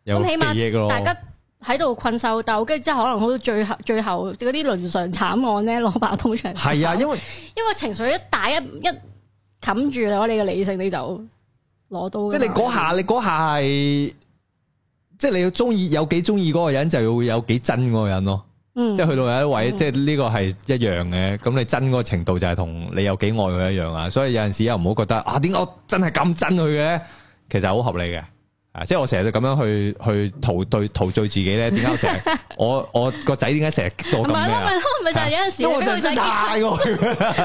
有記憶咯。大家喺度困獸鬥，跟住之後可能好到最後，最後嗰啲倫常慘案咧，攞把刀出嚟。係啊，因為因為情緒一大一一冚住咗你嘅理性，你就攞刀。即係你嗰下，你嗰下係。即係你要中意有幾中意嗰個人，就要有幾憎嗰個人咯，嗯、即係去到有一位，嗯、即係呢個係一樣嘅。咁你憎嗰個程度就係同你有幾愛佢一樣啊。所以有陣時又唔好覺得啊，點解我真係咁憎佢嘅？其實好合理嘅。啊！即係我成日都咁樣去去陶對陶醉自己咧，點解成日我 我個仔點解成日到咁唔係就係有陣時個仔大咗，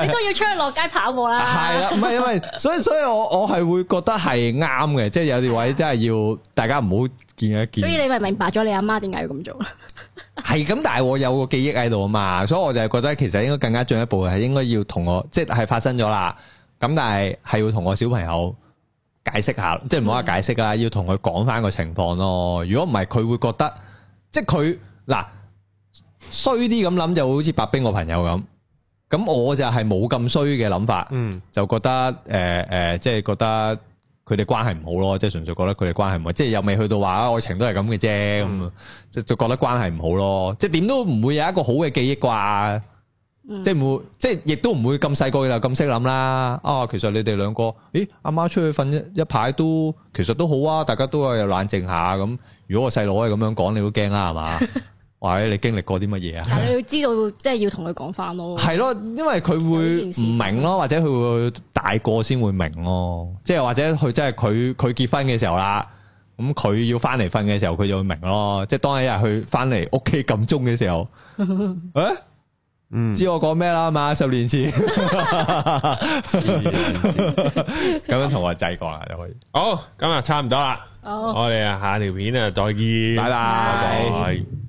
你都要出去落街跑步啦。係啦、 啊，唔係因為所以，所以我我係會覺得係啱嘅，即係有啲位真係要大家唔好見一見。所以你咪明白咗你阿媽點解要咁做？係 咁，但係我有個記憶喺度啊嘛，所以我就係覺得其實應該更加進一步嘅係應該要同我即係發生咗啦。咁但係係要同我小朋友。解釋下，即係唔好話解釋啊，要同佢講翻個情況咯。如果唔係，佢會覺得，即係佢嗱衰啲咁諗就好似白兵個朋友咁。咁我就係冇咁衰嘅諗法，嗯、就覺得誒誒、呃呃，即係覺得佢哋關係唔好咯。即係純粹覺得佢哋關係唔好，即純純係又未去到話愛情都係咁嘅啫。咁、嗯、就覺得關係唔好咯。即係點都唔會有一個好嘅記憶啩。即係唔會，嗯、即係亦都唔會咁細個噶啦，咁識諗啦。啊，其實你哋兩個，咦，阿媽出去瞓一排都，其實都好啊。大家都有冷靜下咁。如果個細佬係咁樣講，你都驚啦，係嘛？或者你經歷過啲乜嘢啊？你要知道，即係要同佢講翻咯。係咯，因為佢會唔明咯，或者佢會大個先會明咯。即係或者佢真係佢佢結婚嘅時候啦。咁佢要翻嚟瞓嘅時候，佢就會明咯。即係當一日佢翻嚟屋企撳鐘嘅時候，誒、 欸。唔、嗯、知我講咩啦嘛？十年前，咁樣同我制過啦就可以。好，今日差唔多啦。好、哦，我哋下條片啊，再見，拜拜。拜拜拜拜。